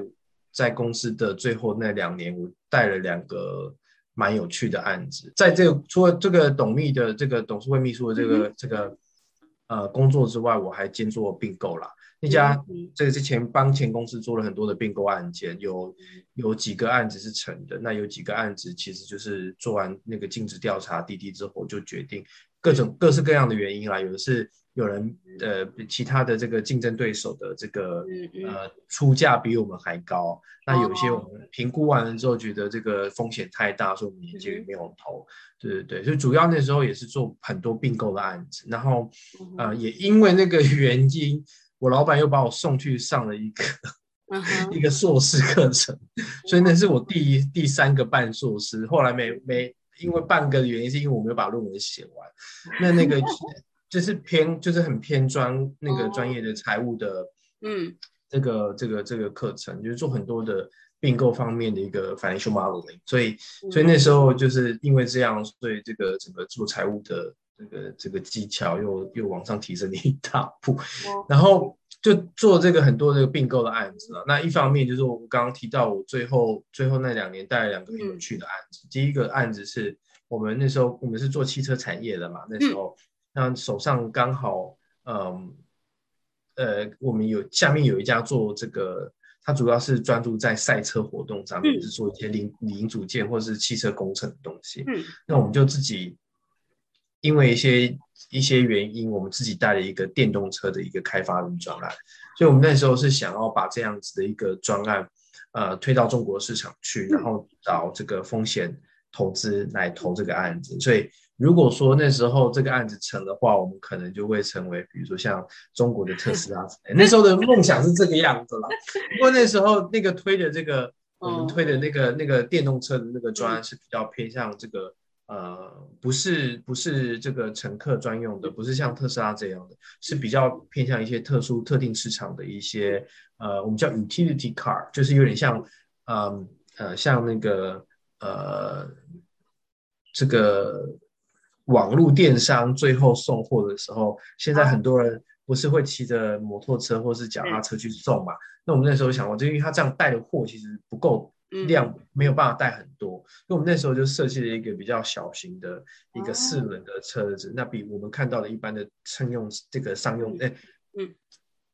B: 在公司的最後那兩年，我帶了兩個蠻有趣的案子。在這個除了這個董秘的這個董事會秘書的這個、嗯、這個呃工作之外，我還兼做併購啦。那家這個之前幫前公司做了很多的併購案件，有有幾個案子是成的，那有幾個案子其實就是做完那個盡職調查滴滴之後就決定各種各式各樣的原因啦，有的是有人呃其他的這個競爭對手的這個呃出價比我們還高，那有些我們評估完了之後覺得這個風險太大，所以我們年紀也沒有投，對對對，就主要那時候也是做很多併購的案子，然後呃也因為那個原因。我老板又把我送去上了一個、uh huh. 一個碩士課程，所以那是我第一第三個半碩士。Uh huh. 後來沒沒因為半個的原因，是因為我沒有把論文寫完。那那個、uh huh. 就是偏就是很偏專、uh huh. 那個專業的財務的，嗯、uh huh. 這個，這個這個這個課程就是做很多的併購方面的一個 financial modeling。所以、uh huh. 所以那時候就是因為這樣，所以這個整個做財務的。這個這個技巧又又往上提升了一大步，然後就做這個很多的併購的案子啊。那一方面就是我剛剛提到，我最後最後那兩年帶了兩個很有趣的案子。嗯、第一個案子是我們那時候我們是做汽車產業的嘛，那時候、嗯、那手上剛好嗯呃，我們有下面有一家做這個，它主要是專注在賽車活動上面，是做、嗯、一些零零組件或是汽車工程的東西。嗯，那我們就自己。因為一些一些原因，我們自己帶了一個電動車的一個開發人專案，所以我們那時候是想要把這樣子的一個專案，呃，推到中國市場去，然後找這個風險投資來投這個案子。所以，如果說那時候這個案子成的話，我們可能就會成為，比如說像中國的特斯拉之類的。那時候的夢想是這個樣子了。 *laughs* 不過那時候那個推的這個，我們推的那個、oh. 那個電動車的那個專案是比較偏向這個。呃，不是不是這個乘客專用的，不是像特斯拉這樣的，是比較偏向一些特殊特定市場的一些呃，我們叫 utility car，就是有點像呃呃像那個呃這個網絡電商最後送貨的時候，現在很多人不是會騎着摩托車或是腳踏車去送嘛？嗯，那我們那時候想，我就因為他這樣帶的貨其實不夠。量沒有辦法帶很多，因為我們那時候就設計了一個比較小型的一個四輪的車子，啊、那比我們看到的一般的乘用這個商用哎，嗯、欸，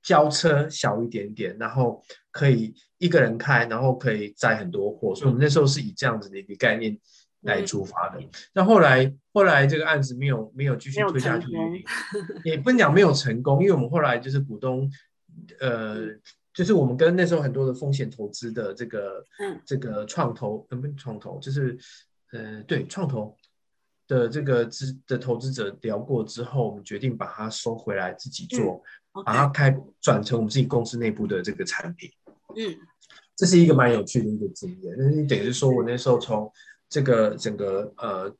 B: 轎車小一點點，然後可以一個人開，然後可以載很多貨，所以我們那時候是以這樣子的一個概念來出發的。嗯、那後來後來這個案子沒有沒有繼續推下去， *laughs* 也不能講沒有成功，因為我們後來就是股東呃。就是我們跟那時候很多的風險投資的這個，嗯、這個創投，嗯，創投？就是，呃，對創投的這個資的投資者聊過之後，我們決定把它收回來自己做，嗯、
C: 把它開
B: 轉成我們自己公司內部的這個產品。嗯，這是一個蠻有趣的一個經驗。那你等於說我那時候從這個整個呃。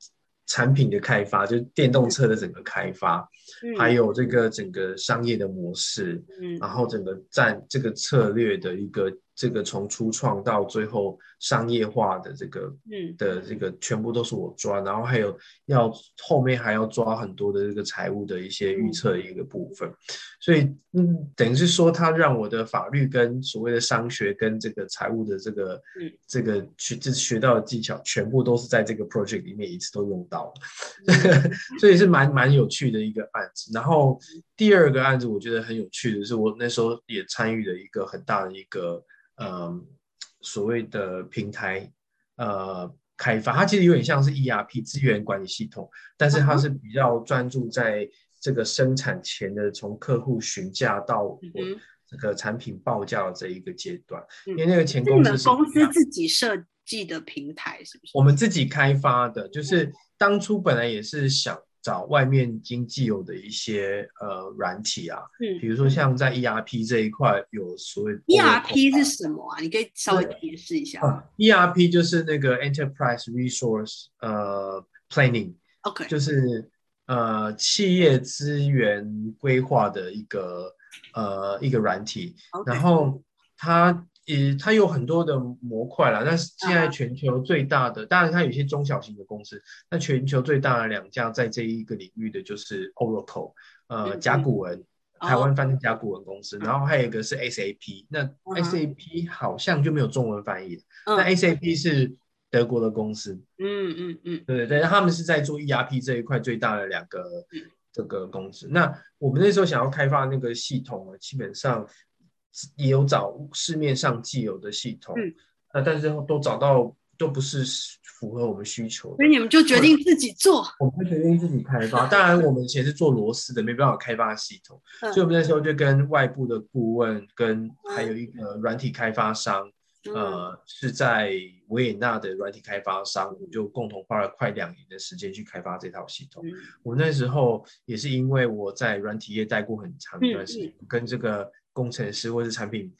B: 產品的開發，就是電動車的整個開發，嗯，還有這個整個商業的模式，嗯，然後整個戰這個策略的一個。這個從初創到最後商業化的這個，嗯，的這個全部都是我抓，然後還有要後面還要抓很多的這個財務的一些預測的一個部分，嗯、所以，嗯，等於是說，他讓我的法律跟所謂的商學跟這個財務的這個，嗯、這個學這學到的技巧，全部都是在這個 project 裡面一次都用到了、嗯、 *laughs* 所以是蠻蠻有趣的一個案子。然後第二個案子，我覺得很有趣的是，我那時候也參與了一個很大的一個。呃，所謂的平台，呃，開發它其實有點像是 ERP 資源管理系統，但是它是比較專注在這個生產前的從客戶詢價到我這個產品報價的這一個階段，嗯，因為那個前公司公
A: 司自己設計的平台是不是？
B: 我們自己開發的，就是當初本來也是想。找外面經濟有的一些呃軟體啊，嗯、比如說像在 ERP 這一塊有所謂。ERP
A: 是什麼啊？你可以稍微
B: 提示一下。啊、ERP 就是那個 Enterprise Resource 呃 Planning，OK，Okay. 就是呃企業資源規劃的一個呃一個軟體，Okay. 然後它。呃，它有很多的模塊啦，但是現在全球最大的，當然它有些中小型的公司，那全球最大的兩家在這一個領域的就是 Oracle，呃，嗯嗯、甲骨文，哦、台灣翻譯甲骨文公司，然後還有一個是 SAP，那 SAP 好像就沒有中文翻譯，嗯、那 SAP 是德國的公司，嗯嗯嗯，嗯嗯對對，但他們是在做 ERP 這一塊最大的兩個，嗯、這個公司，那我們那時候想要開發那個系統啊，基本上。也有找市面上既有的系統，那，嗯呃、但是都找到都不是符合我們需求，所以
A: 你們就決定自己做，嗯。我
B: 不決定自己開發， *laughs* 當然我們以前是做螺絲的，沒辦法開發系統，嗯，所以我們那時候就跟外部的顧問，跟還有一個軟體開發商，嗯、呃，是在維也納的軟體開發商，嗯，我們就共同花了快兩年的時間去開發這套系統。嗯，我那時候也是因為我在軟體業待過很長一段時間，嗯嗯、跟這個。工程師或者是產品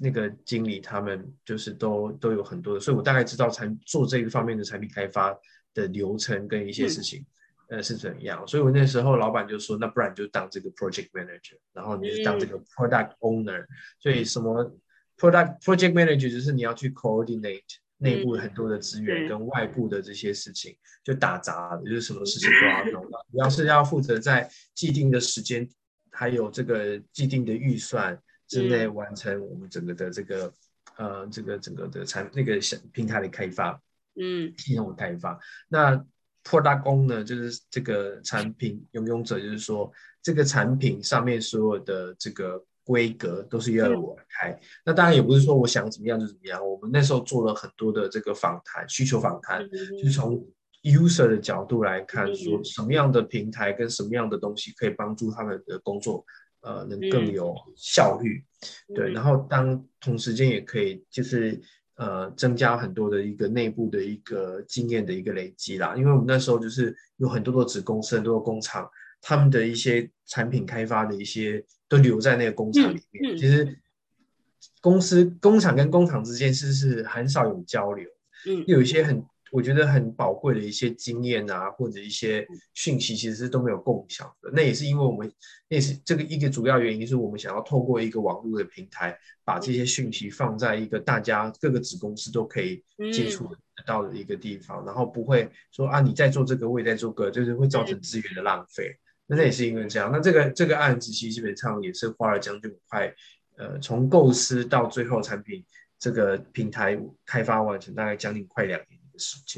B: 那個經理，他們就是都都有很多的，所以我大概知道產做這一方面的產品開發的流程跟一些事情、嗯、呃是怎樣。所以我那時候老闆就說，那不然你就當這個 project manager，然後你就當這個 product owner、嗯。所以什麼 product project manager 就是你要去 coordinate 內部很多的資源跟外部的這些事情，嗯、就打雜就是什麼事情都要弄。你要、嗯、是要負責在既定的時間。還有這個既定的預算之內完成我們整個的這個、嗯、呃這個整個的產那個平台的開發，嗯，系統開發。那 Product Owner 呢，就是這個產品擁有者，就是說這個產品上面所有的這個規格都是要我來開。嗯、那當然也不是說我想怎麼樣就怎麼樣，我們那時候做了很多的這個訪談，需求訪談，嗯嗯就是從。user 的角度來看，說什麼樣的平台跟什麼樣的東西可以幫助他們的工作，呃，能更有效率，對。然後當同時間也可以，就是呃，增加很多的一個內部的一個經驗的一個累積啦。因為我們那時候就是有很多的子公司，很多的工廠，他們的一些產品開發的一些都留在那個工廠裡面。其實公司工廠跟工廠之間其實是很少有交流，嗯，有一些很。我覺得很寶貴的一些經驗啊，或者一些訊息，其實是都沒有共享的。嗯、那也是因為我們，那也是這個一個主要原因，是我們想要透過一個網絡的平台，把這些訊息放在一個大家各個子公司都可以接觸得到的一個地方，嗯、然後不會說啊你在做這個，我也在做個，就是會造成資源的浪費。那、嗯、那也是因為這樣。那這個這個案子其實基本上也是花了將近快，呃，從構思到最後產品這個平台開發完成，大概將近快兩年。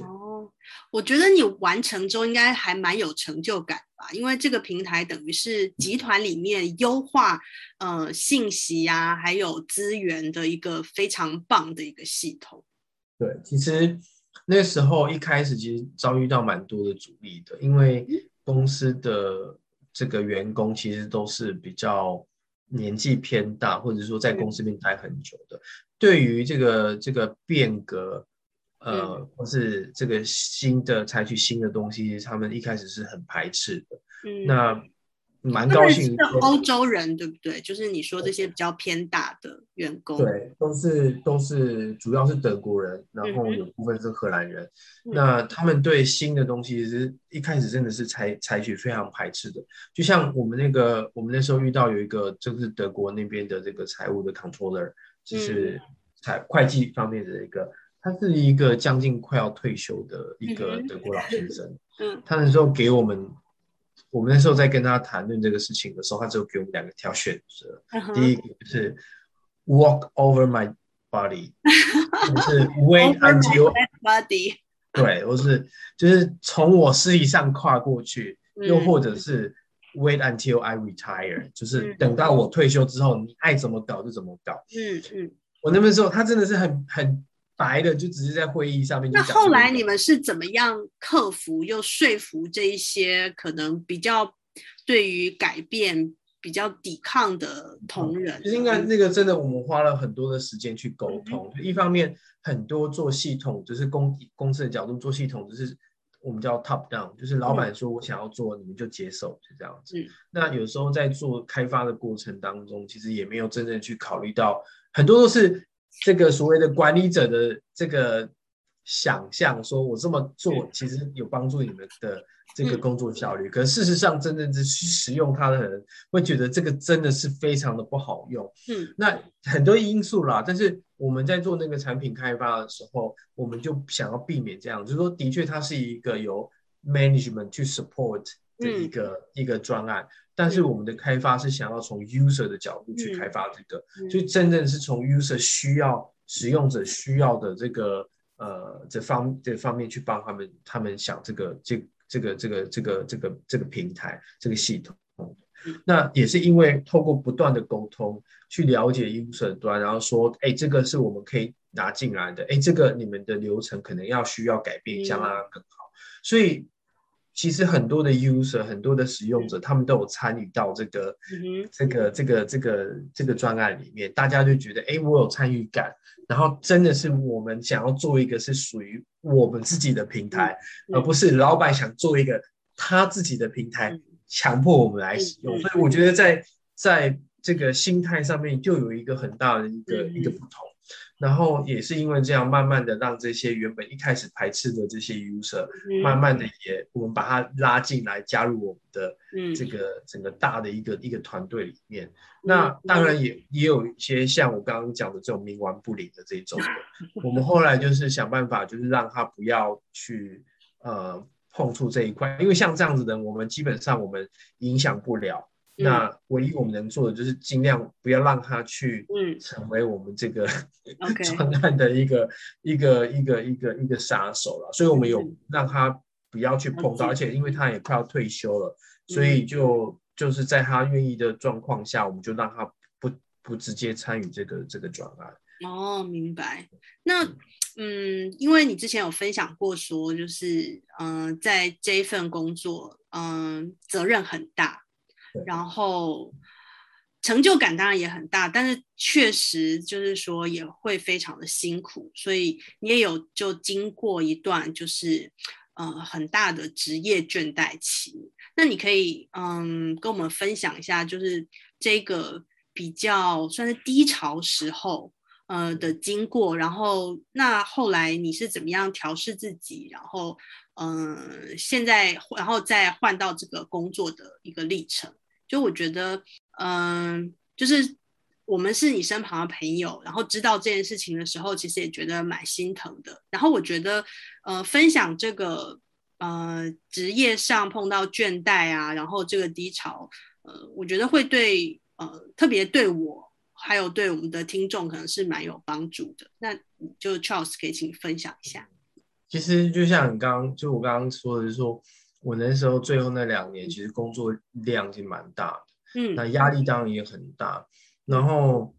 A: 哦，oh, 我覺得你完成之後應該還蠻有成就感吧？因為這個平台等於是集團裡面優化呃信息呀、啊，還有資源的一個非常棒的一個系統。
B: 對，其實那時候一開始其實遭遇到蠻多的阻力的，因為公司的這個員工其實都是比較年紀偏大，或者說在公司裡面待很久的，對於這個這個變革。呃，或是這個新的採取新的東西，他們一開始是很排斥的。嗯，那蠻高興的。歐
A: 洲人對不對？就是你說這些比較偏大的員工，
B: 對，都是都是，主要是德國人，然後有部分是荷蘭人。嗯，那他們對新的東西是一開始真的是採採取非常排斥的。就像我們那個，我們那時候遇到有一個，就是德國那邊的這個財務的 controller，就是財會計方面的一個。他是一個將近快要退休的一個德國老先生，嗯，他那時候給我們，我們那時候在跟他談論這個事情的時候，他只有給我們兩個條選擇，嗯、哼第一個就是 walk over my body， *laughs* 就是 wait until *laughs* my body，對，或是就是從我屍體上跨過去，嗯、又或者是 wait until I retire，、嗯、就是等到我退休之後，嗯、你愛怎麼搞就怎麼搞。嗯嗯，
A: 嗯
B: 我那時候他真的是很很。白的就只是在會議上面，那後來
A: 你們是怎麼樣克服又說服這一些可能比較對於改變比較抵抗的
B: 同仁、嗯？其實、嗯、應該那個真的，我們花了很多的時間去溝通。嗯、一方面，很多做系統就是公公司的角度做系統，就是我們叫 top down，就是老板說我想要做，嗯、你們就接受，就這樣子。嗯、那有時候在做開發的過程當中，其實也沒有真正去考慮到，很多都是。這個所謂的管理者的這個想象，說我這麼做其實有幫助你們的這個工作效率，嗯、可事實上，真正是使用它的，人會覺得這個真的是非常的不好用。嗯，那很多因素啦，嗯、但是我們在做那個產品開發的時候，我們就想要避免這樣，就是說，的確它是一個由 management 去 support 的一個、嗯、一個專案。但是我們的開發是想要從 user 的角度去開發這個，所以、嗯嗯、真正是從 user 需要、使用者需要的這個呃這方這方面去幫他們，他們想這個這這個這個這個這個、這個這個、這個平台這個系統，嗯、那也是因為透過不斷的溝通去了解 user 端，然後說哎，這個是我們可以拿進來的，哎，這個你們的流程可能要需要改變一下，這樣更好，嗯、所以。其實很多的 user 很多的使用者，他們都有參與到這個、
C: 嗯、這個、
B: 這個、這個、這個專案裡面，大家就覺得，哎，我有參與感。然後，真的是我們想要做一個是屬於我們自己的平台，而不是老闆想做一個他自己的平台，強迫我們來使用。所以，我覺得在在這個心態上面，就有一個很大的一個、嗯、一個不同。然後也是因為這樣，慢慢的讓這些原本一開始排斥的這些 user 慢慢的也我們把他拉進來，加入我們的這個整個大的一個、嗯、一個團隊裡面。那當然也、嗯、也有一些像我剛剛講的這種冥頑不靈的這種的，嗯、我們後來就是想辦法，就是讓他不要去呃碰觸這一塊，因為像這樣子的，我們基本上我們影響不了。那唯一我們能做的就是盡量不要讓他去嗯，成為我們這個專案的一個一個一個一個一個殺手了，所以我們有讓他不要去碰到，而且因為他也快要退休了，所以就就是在他願意的狀況下，我們就讓他不不直接參與這個這個專案。
A: 哦，明白。那嗯，因為你之前有分享過說，就是嗯、呃，在這一份工作，嗯、呃，責任很大。然後成就感當然也很大，但是確實就是說也會非常的辛苦，所以你也有就經過一段就是嗯、呃、很大的職業倦怠期。那你可以嗯跟我們分享一下，就是這個比較算是低潮時候呃的經過，然後那後來你是怎麼樣調試自己，然後嗯、呃、現在然後再換到這個工作的一個歷程。就我覺得，嗯、呃，就是我們是你身旁的朋友，然後知道這件事情的時候，其實也覺得蠻心疼的。然後我覺得，呃，分享這個，呃，職業上碰到倦怠啊，然後這個低潮，呃，我覺得會對，呃，特別對我，還有對我們的聽眾，可能是蠻有幫助的。那就 Charles 可以請你分享一下。
B: 其實就像你剛剛就我剛剛說的就是說。我那時候最後那兩年，其實工作量是蠻大的，嗯，那壓力當然也很大。然後，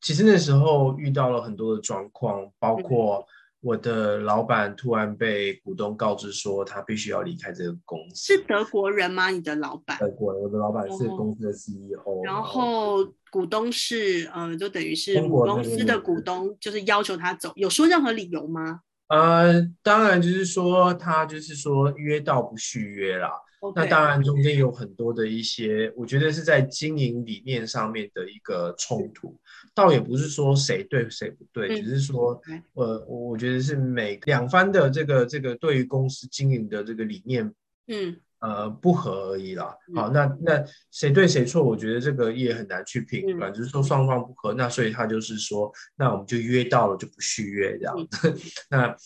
B: 其實那時候遇到了很多的狀況，包括我的老板突然被股東告知說他必須要離開這個公
A: 司。是德國人嗎？你的老板？德
B: 國人，我的老板是公司的 CEO。哦，然
A: 後股東是，呃，就等於是母公司的股東，就是要求他走，有說任何理由嗎？
B: 呃，當然就是說，他就是說約到不續約啦。
A: Okay, 那當
B: 然中間有很多的一些，我覺得是在經營理念上面的一個衝突。嗯、倒也不是說誰對誰不對，只、嗯、是說，Okay. 呃，我我覺得是每兩方的這個這個對於公司經營的這個理念，嗯。呃，不合而已啦。好，那那誰對誰錯，我覺得這個也很難去評判。嗯、就是說雙方不合，那所以他就是說，那我們就約到了就不續約這樣子。嗯、 *laughs* 那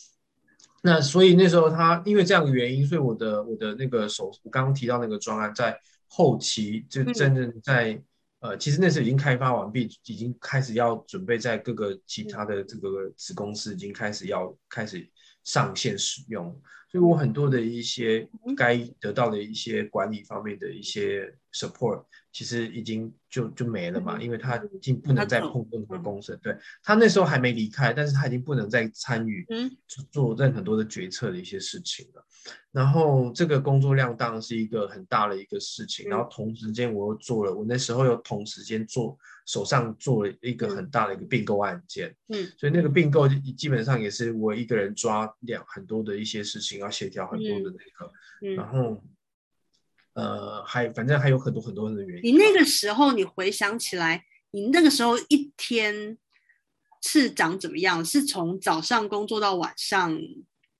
B: 那所以那時候他因為這樣的原因，所以我的我的那個手，我剛剛提到那個專案在後期就真正在、嗯、呃，其實那時候已經開發完畢，已經開始要準備在各個其他的這個子公司已經開始要開始上線使用。因為我很多的一些該得到的一些管理方面的一些 support，其實已經就就沒了嘛，嗯、因為他已經不能再碰任何工程。嗯、對，他那時候還沒離開，但是他已經不能再參與做任何的決策的一些事情了。嗯、然後這個工作量當然是一個很大的一個事情。嗯、然後同時間我又做了，我那時候又同時間做，手上做了一個很大的一個併購案件。嗯，所以那個併購基本上也是我一個人抓兩很多的一些事情。協調很多的那個，嗯嗯、然後，呃，還反正還有很多很多人的原
A: 因。你那個時候，你回想起來，你那個時候一天是長怎麼樣？是從早上工作到晚上，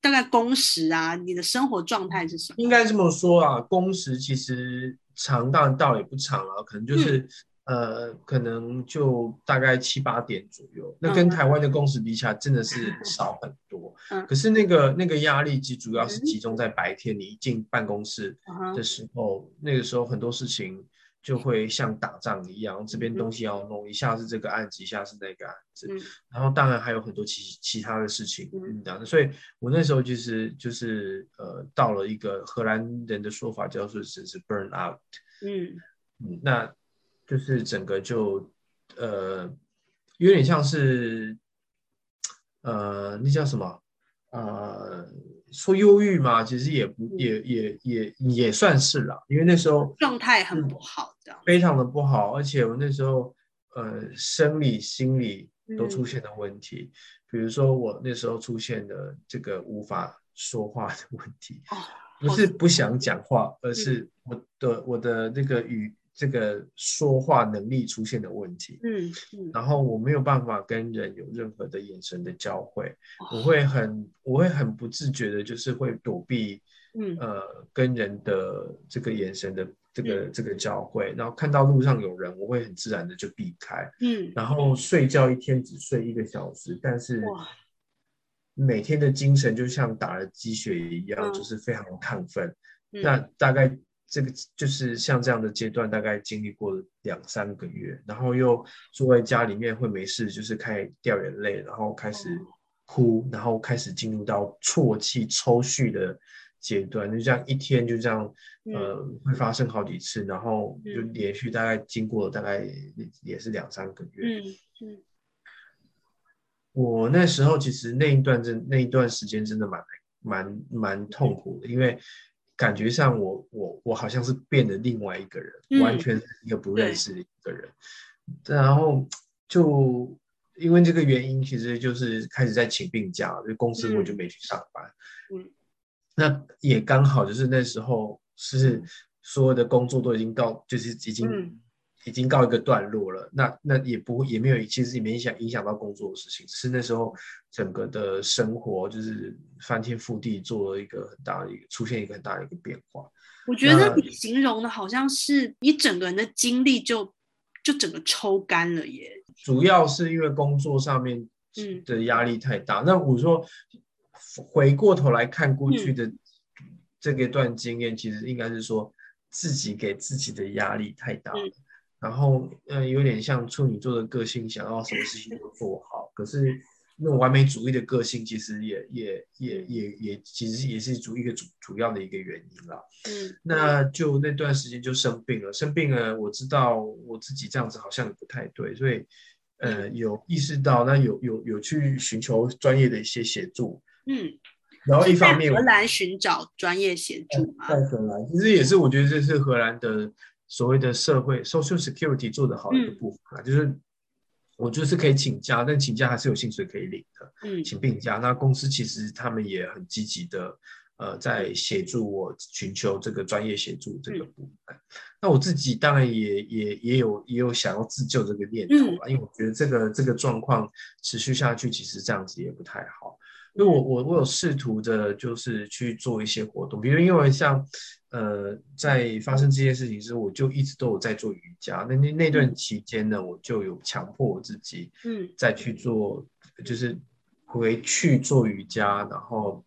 A: 大概工時啊，你的生活狀態是什麼？
B: 應該這麼說啊，工時其實長但倒也不長了、啊，可能就是。嗯呃，可能就大概七八點左右，那跟台灣的工時比起來，真的是少很多。Uh huh. 可是那個那個壓力，其實主要是集中在白天。你一進辦公室的時候，uh huh. 那個時候很多事情就會像打仗一樣，這邊東西要弄、uh huh. 一下，是這個案子，uh huh. 一下是那個案子。Uh huh. 然後當然還有很多其其他的事情，uh huh. 嗯，這樣子。所以我那時候其實就是、就是，呃，到了一個荷蘭人的說法，叫做是是 burn out、uh。Huh. 嗯，那。就是整個就，呃，有點像是，呃，那叫什麼？呃，說憂鬱嘛，其實也不，也、嗯、也也也算是了。因為那時候
A: 狀態很不好，
B: 嗯、非常的不好，而且我那時候，呃，生理、心理都出現了問題。嗯、比如說我那時候出現的這個無法說話的問題，哦、不是不想講話，嗯、而是我的我的那個語。這個說話能力出現的問題，嗯，嗯，然後我沒有辦法跟人有任何的眼神的交匯，嗯、我會很我會很不自覺的，就是會躲避，
C: 嗯，呃，
B: 跟人的這個眼神的這個、嗯、這個交匯，然後看到路上有人，我會很自然的就避開，嗯，然後睡覺一天只睡一個小時，但是每天的精神就像打了雞血一樣，嗯、就是非常的亢奮，嗯、那大概。這個就是像這樣的階段，大概經歷過兩三個月，然後又坐在家裡面會沒事，就是開始掉眼淚，然後開始哭，然後開始進入到啜泣抽搐的階段，就這樣一天就這樣，嗯、呃，會發生好幾次，然後就連續大概經過了大概也是兩三個月。嗯嗯，我那時候其實那一段真那一段時間真的蠻蠻蠻、蠻痛苦的，因為。感覺上我，我我我好像是變了另外一個人，嗯、完全是一個不認識的一個人。對然後就因為這個原因，其實就是開始在請病假，就公司我就沒去上班。嗯、那也剛好就是那時候，是所有的工作都已經到，就是已經。已經告一個段落了，那那也不會，也沒有，其實也沒影響影響到工作的事情，只是那時候整個的生活就是翻天覆地，做了一個很大的一個出現一個很大的一個變化。
A: 我覺得你形容的好像是你整個人的精力就就整個抽乾了，耶，
B: 主要是因為工作上面的壓力太大。嗯、那我說回過頭來看過去的這個段經驗，嗯、其實應該是說自己給自己的壓力太大了。嗯然後，嗯、呃，有點像處女座的個性，想要什麼事情都做好。可是，那種完美主義的個性，其實也也也也也，其實也是主一個主主要的一個原因啦。嗯，那就那段時間就生病了，生病了，我知道我自己這樣子好像不太對，所以，呃，有意識到，那有有有去尋求專業的一些協助。嗯，然後一方面我在荷
A: 蘭尋找專業協助、
B: 嗯、在荷蘭，其實也是，我覺得這是荷蘭的。所謂的社會 social security 做得好一個部分啊，嗯、就是我就是可以請假，但請假還是有薪水可以領的。嗯，請病假，那公司其實他們也很積極的，呃，在協助我尋求這個專業協助這個部分。嗯、那我自己當然也也也有也有想要自救這個念頭啊，因為我覺得這個這個狀況持續下去，其實這樣子也不太好。因為我我我有試圖的就是去做一些活動，比如因為像。呃，在發生這件事情時，我就一直都有在做瑜伽。那那那段期間呢，嗯、我就有強迫我自己，嗯，再去做，嗯、就是回去做瑜伽，然後，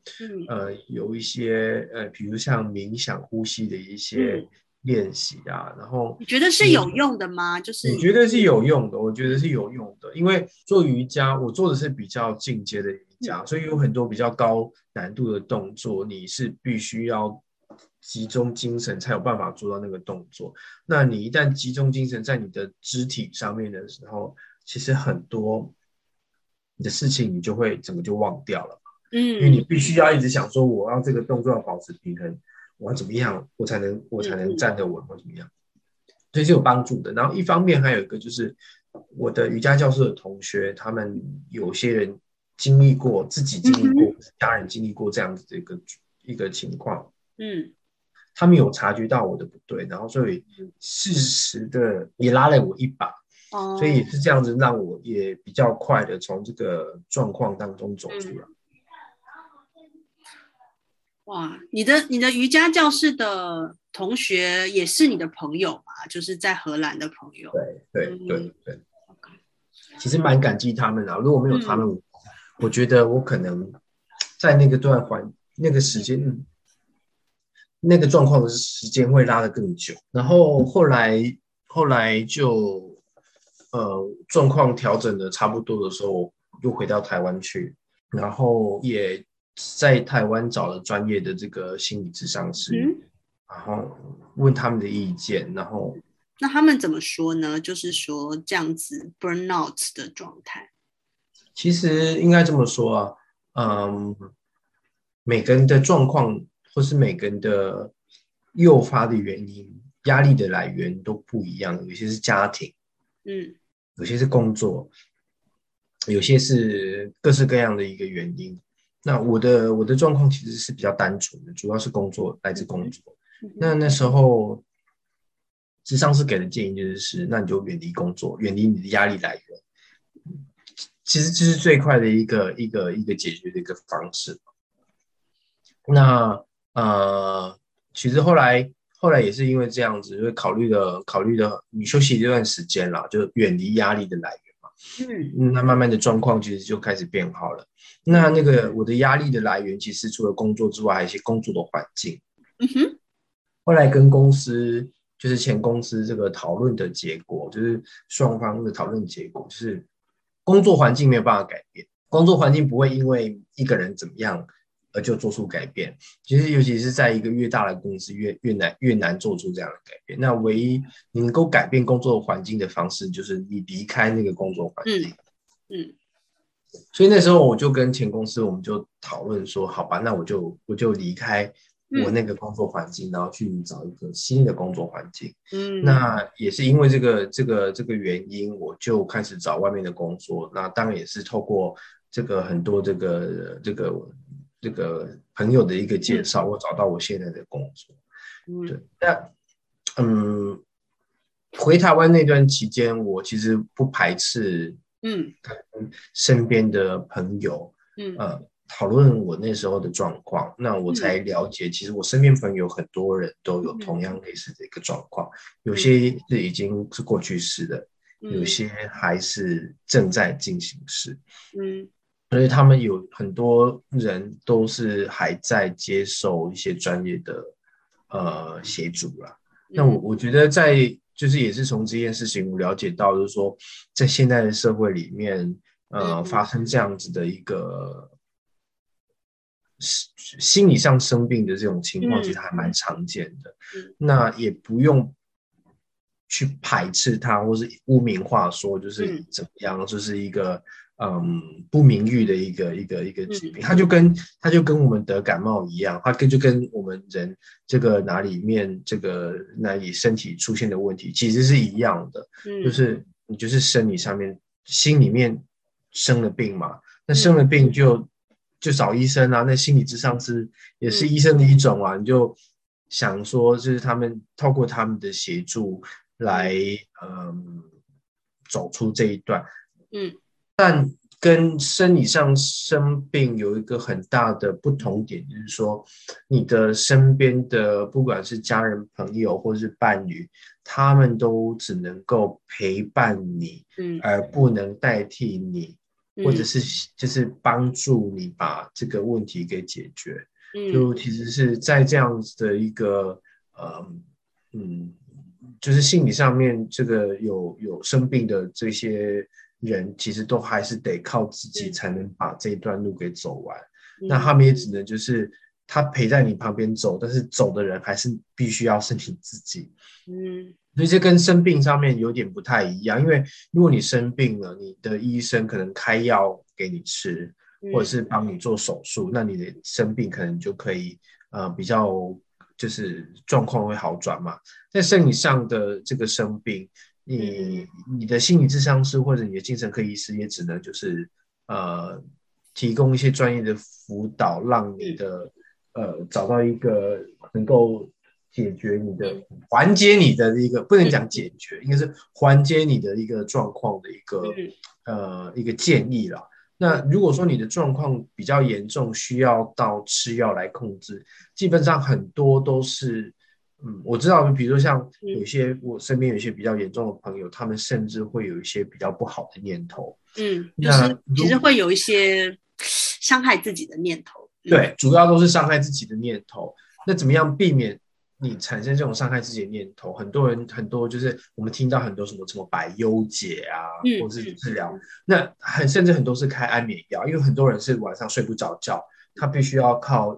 B: 呃，嗯、有一些呃，比如像冥想、呼吸的一些練習啊。嗯、然後你覺得是有
A: 用的嗎？就是你覺
B: 得是有用的，我覺得是有用的，因為做瑜伽，我做的是比較進階的瑜伽，嗯、所以有很多比較高難度的動作，你是必須要，集中精神才有辦法做到那個動作。那你一旦集中精神在你的肢體上面的時候，其實很多你的事情你就會整個就忘掉了。嗯，因為你必須要一直想說，我要這個動作保持平衡，我要怎麼樣，我才能我才能站得穩，嗯、我怎麼樣，所以是有幫助的。然後一方面還有一個就是我的瑜伽教授的同學，他們有些人經歷過，自己經歷過，嗯嗯家人經歷過這樣子的一個一個情況，嗯。他們有察覺到我的不對，然後所以適時地也拉了我一把，嗯、所以也是這樣子讓我也比較快的從這個狀況當中走出來。嗯、哇，
A: 你的你的瑜伽教室的同學也是你的朋友嘛？就是在荷蘭的朋友。
B: 對對對對，對對嗯、其實蠻感激他們啊，如果沒有他們，嗯、我覺得我可能在那個段環那個時間。那個狀況的時間會拉得更久，然後後來後來就，呃，狀況調整的差不多的時候，又回到台灣去，然後也在台灣找了專業的這個心理諮商師，嗯，然後問他們的意見，然後
A: 那他們怎麼說呢？就是說這樣子 burnout 的狀態，
B: 其實應該這麼說啊，嗯，每個人的狀況。或是每個人的誘發的原因、壓力的來源都不一樣，有些是家庭，嗯，有些是工作，有些是各式各樣的一個原因。那我的我的狀況其實是比較單純的，主要是工作，來自工作。那那時候，是上司給的建議就是是，那你就遠離工作，遠離你的壓力來源。其實這是最快的一個一個一個解決的一個方式。那。呃，其實後來後來也是因為這樣子，就考慮了，考慮了，你休息一段時間啦,就遠離壓力的來源
C: 嘛。是
B: 嗯，那慢慢的狀況其實就開始變好了。那那個我的壓力的來源，其實除了工作之外，還有一些工作的環境。嗯哼。後來跟公司，就是前公司這個討論的結果，就是雙方的討論結果，就是工作環境沒有辦法改變，工作環境不會因為一個人怎麼樣而就做出改變，其實尤其是在一個越大的公司越、越越難越難做出這樣的改變。那唯一你能夠改變工作環境的方式，就是你離開那個工作環
C: 境。嗯，
B: 嗯，所以那時候我就跟前公司，我們就討論說，好吧，那我就我就離開我那個工作環境，嗯、然後去找一個新的工作環境。嗯，那也是因為這個這個這個原因，我就開始找外面的工作。那當然也是透過這個很多這個、呃、這個。這個朋友的一個介紹，嗯、我找到我現在的工作。嗯、
C: 對，
B: 那嗯，回台灣那段期間，我其實不排斥，嗯，跟身邊的朋友，嗯、呃，討論我那時候的狀況。嗯、那我才了解，其實我身邊朋友很多人都有同樣類似的一個狀況，嗯、有些是已經是過去式的，嗯、有些還是正在進行式、嗯。嗯。所以他們有很多人都是還在接受一些專業的呃協助啦。那我我覺得在、嗯、就是也是從這件事情我了解到，就是說在現在的社會裡面，呃，發生這樣子的一個心理上生病的這種情況，其實還蠻常見的。嗯、那也不用去排斥他，或是汙名化說就是怎麼樣，嗯、就是一個。嗯，不名譽的一個一個一個疾病，他就跟他就跟我們得感冒一樣，他跟就跟我們人這個哪裡面這個哪裡身體出現的問題其實是一樣的，嗯、就是你就是生理上面心裡面生了病嘛，那生了病就、嗯、就找醫生啊，那心理之上是也是醫生的一種啊，嗯、你就想說就是他們透過他們的協助來嗯走出這一段，嗯。但跟生理上生病有一個很大的不同點，就是說，你的身邊的不管是家人、朋友或是伴侶，他們都只能夠陪伴你，而不能代替你，
C: 或者是
B: 就是幫助你把這個問題給解決。就其實是在這樣子的一個，嗯，就是心理上面這個有有生病的這些。人其實都還是得靠自己才能把這一段路給走完，對那他們也只能就是他陪在你旁邊走，嗯、但是走的人還是必須要是你自己。嗯，所以這跟生病上面有點不太一樣，因為如果你生病了，你的醫生可能開藥給你吃，
C: 嗯、或者是
B: 幫你做手術，嗯、那你的生病可能就可以呃比較就是狀況會好轉嘛。在生理上的這個生病。你你的心理治療師或者你的精神科醫師也只能就是呃提供一些專業的輔導，讓你的呃找到一個能夠解決你的對緩解你的一個不能講解決，對應該是緩解你的一個狀況的一個對呃一個建議啦。那如果說你的狀況比較嚴重，需要到吃藥來控制，基本上很多都是。嗯，我知道，比如說像有些我身邊有些比較嚴重的朋友，嗯、他們甚至會有一些比較不好的念頭。嗯，就是、那其實
A: 會有一些傷害自己的念頭。
B: 嗯、對，主要都是傷害自己的念頭。那怎麼樣避免你產生這種傷害自己的念頭？嗯、很多人，很多就是我們聽到很多什麼什麼百憂解啊，嗯、或自己治療，是那很甚至很多是開安眠藥，因為很多人是晚上睡不着覺，他必須要靠。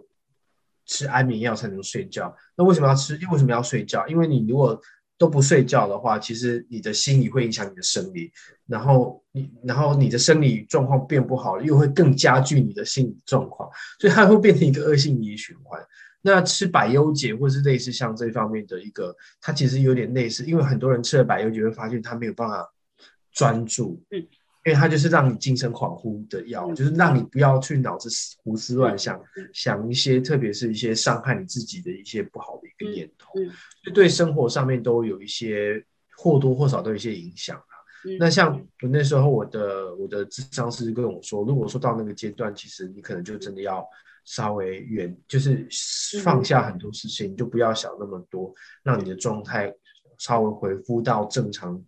B: 吃安眠藥才能睡覺，那為什麼要吃？又為什麼要睡覺？因為你如果都不睡覺的話，其實你的心理會影響你的生理，然後你然後你的生理狀況變不好了，又會更加劇你的心理狀況，所以它會變成一個惡性循環。那吃百憂解或是類似像這方面的一個，它其實有點類似，因為很多人吃了百憂解會發現它沒有辦法專注，嗯因為它就是讓你精神恍惚的藥，嗯、就是讓你不要去腦子胡思亂想，嗯、想一些特別是一些傷害你自己的一些不好的一個念頭，嗯嗯、就對生活上面都有一些或多或少都有一些影響啊。嗯、那像我那時候我，我的我的諮商師跟我說，如果說到那個階段，其實你可能就真的要稍微遠，就是放下很多事情，就不要想那麼多，讓你的狀態稍微恢復到正常。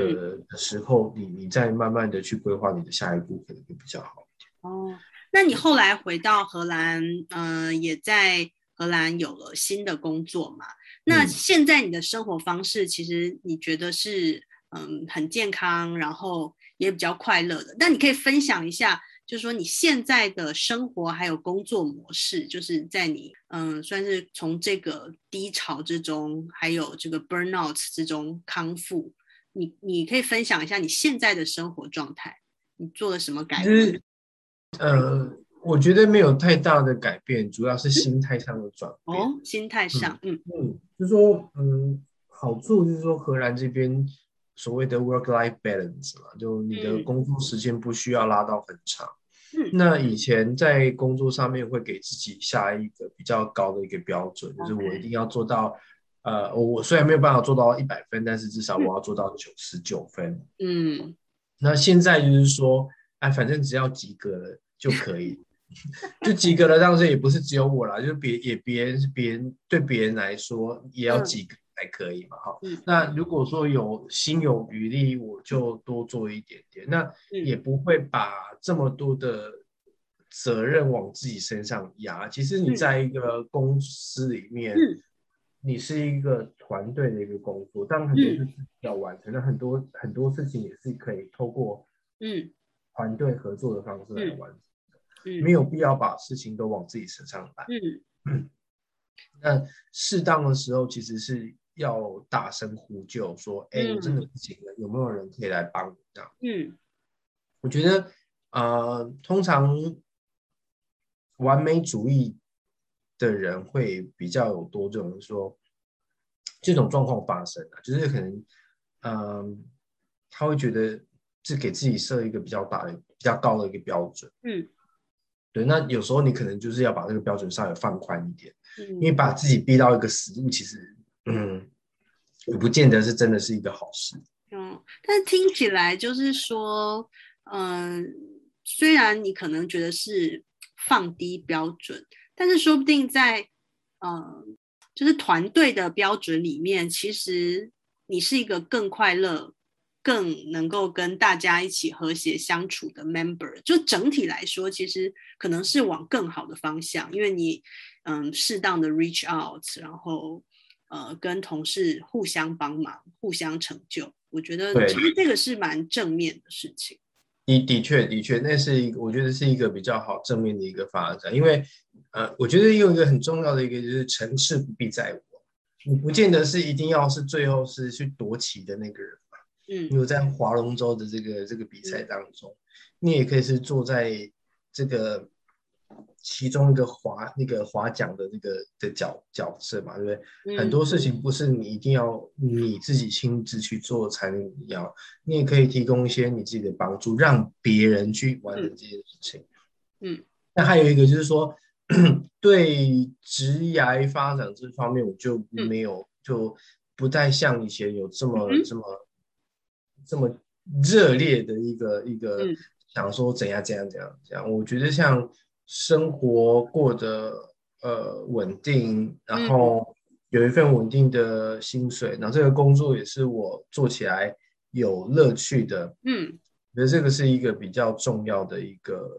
B: 的時候，你你再慢慢的去規劃你的下一步，可能會比較好。
A: 哦，那你後來回到荷蘭，嗯、呃，也在荷蘭有了新的工作嘛？那現在你的生活方式，其實你覺得是嗯很健康，然後也比較快樂的。那你可以分享一下，就是說你現在的生活還有工作模式，就是在你嗯、呃、算是從這個低潮之中，還有這個 burnout 之中康復。你你可以分享一下你現在的生活狀態，你做了什麼改
B: 變？呃，我覺得沒有太大的改變，主要是心態上的轉變。
A: 嗯、哦，心態上，嗯
B: 嗯，嗯，就是說，嗯，好處就是說，荷蘭這邊所謂的 work-life balance 嘛，就你的工作時間不需要拉到很長。
A: 嗯、那
B: 以前在工作上面會給自己下一個比較高的一個標準，嗯、就是我一定要做到。呃，我雖然沒有辦法做到一百分，但是至少我要做到九十九分。嗯，那現在就是說，哎，反正只要及格了就可以， *laughs* 就及格了。當時也不是只有我啦，就別也別人別人對別人來說也要及格才可以嘛。哈、嗯，那如果說有心有餘力，我就多做一點點，嗯、那也不會把這麼多的責任往自己身上壓。其實你在一個公司裡面。嗯嗯你是一個團隊的一個工作，但很多事情要完成，的。很多很多事情也是可以透過嗯團隊合作的方式來完成的，沒有必要把事情都往自己身上攬，嗯，那適當的時候其實是要大聲呼救，說：“哎、欸，我真的不行了，有沒有人可以來幫我？”這樣，嗯，我覺得呃，通常完美主義。的人會比較有多這種的說，這種狀況發生了，啊，就是可能，嗯，他會覺得是給自己設一個比較大的、比較高的一個標準，嗯，對。那有時候你可能就是要把這個標準稍微放寬一點，嗯、因為把自己逼到一個死路，其實，嗯，也不見得是真的是一個好事。
A: 嗯，但是聽起來就是說，嗯、呃，雖然你可能覺得是放低標準。但是說不定在，呃，就是團隊的標準裡面，其實你是一個更快樂、更能夠跟大家一起和諧相處的 member。就整體來說，其實可能是往更好的方向，因為你，嗯，適當的 reach out，然後，呃，跟同事互相幫忙、互相成就，我覺得其實這個是蠻正面的事情。
B: 的的確的確，那是一個，我覺得是一個比較好正面的一個發展，因為，呃，我覺得有一個很重要的一個就是，成事不必在我，你不見得是一定要是最後是去奪旗的那個人嘛。
C: 嗯，有
B: 是在划龍舟的這個這個比賽當中，嗯、你也可以是坐在這個。其中一個划那個划槳的那個的角角色嘛，對不對？嗯、很多事情不是你一定要你自己親自去做才能要，你也可以提供一些你自己的幫助，讓別人去完成這件事情。嗯，那、嗯、還有一個就是說， *coughs* 對職涯發展這方面，我就沒有、嗯、就不太像以前有這麼、嗯、這麼這麼熱烈的一個、嗯、一個想說怎樣、嗯、怎樣怎樣怎樣，我覺得像。生活過得呃穩定，然後有一份穩定的薪水，嗯、然後這個工作也是我做起來有樂趣的。嗯，我覺得這個是一個比較重要的一個，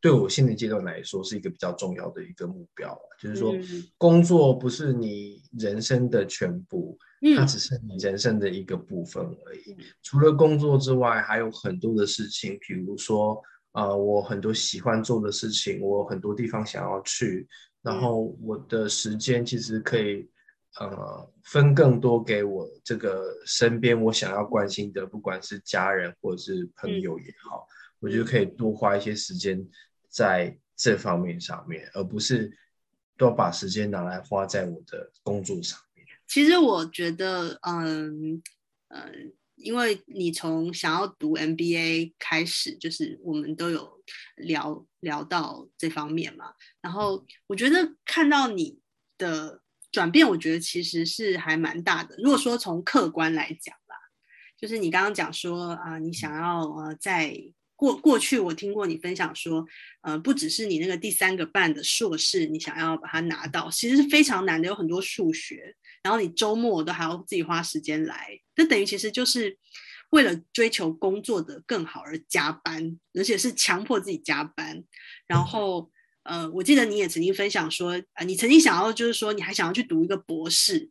B: 對我現在階段來說是一個比較重要的一個目標、嗯、就是說，工作不是你人生的全部，嗯、它只是你人生的一個部分而已。除了工作之外，還有很多的事情，比如說。啊、呃，我很多喜歡做的事情，我很多地方想要去，然後我的時間其實可以，呃，分更多給我這個身邊我想要關心的，不管是家人或者是朋友也好，我就可以多花一些時間在這方面上面，而不是多把時間拿來花在我的工作上面。
A: 其實我覺得，嗯嗯。因為你從想要讀 MBA 開始，就是我們都有聊聊到這方面嘛。然後我覺得看到你的轉變，我覺得其實是還蠻大的。如果說從客觀來講啦，就是你剛剛講說啊、呃，你想要呃在。過過去，我聽過你分享說，呃，不只是你那個第三個半的碩士，你想要把它拿到，其實是非常難的，有很多數學，然後你周末都還要自己花時間來，這等於其實就是為了追求工作的更好而加班，而且是強迫自己加班。然後，呃，我記得你也曾經分享說，啊、呃，你曾經想要就是說，你還想要去讀一個博士，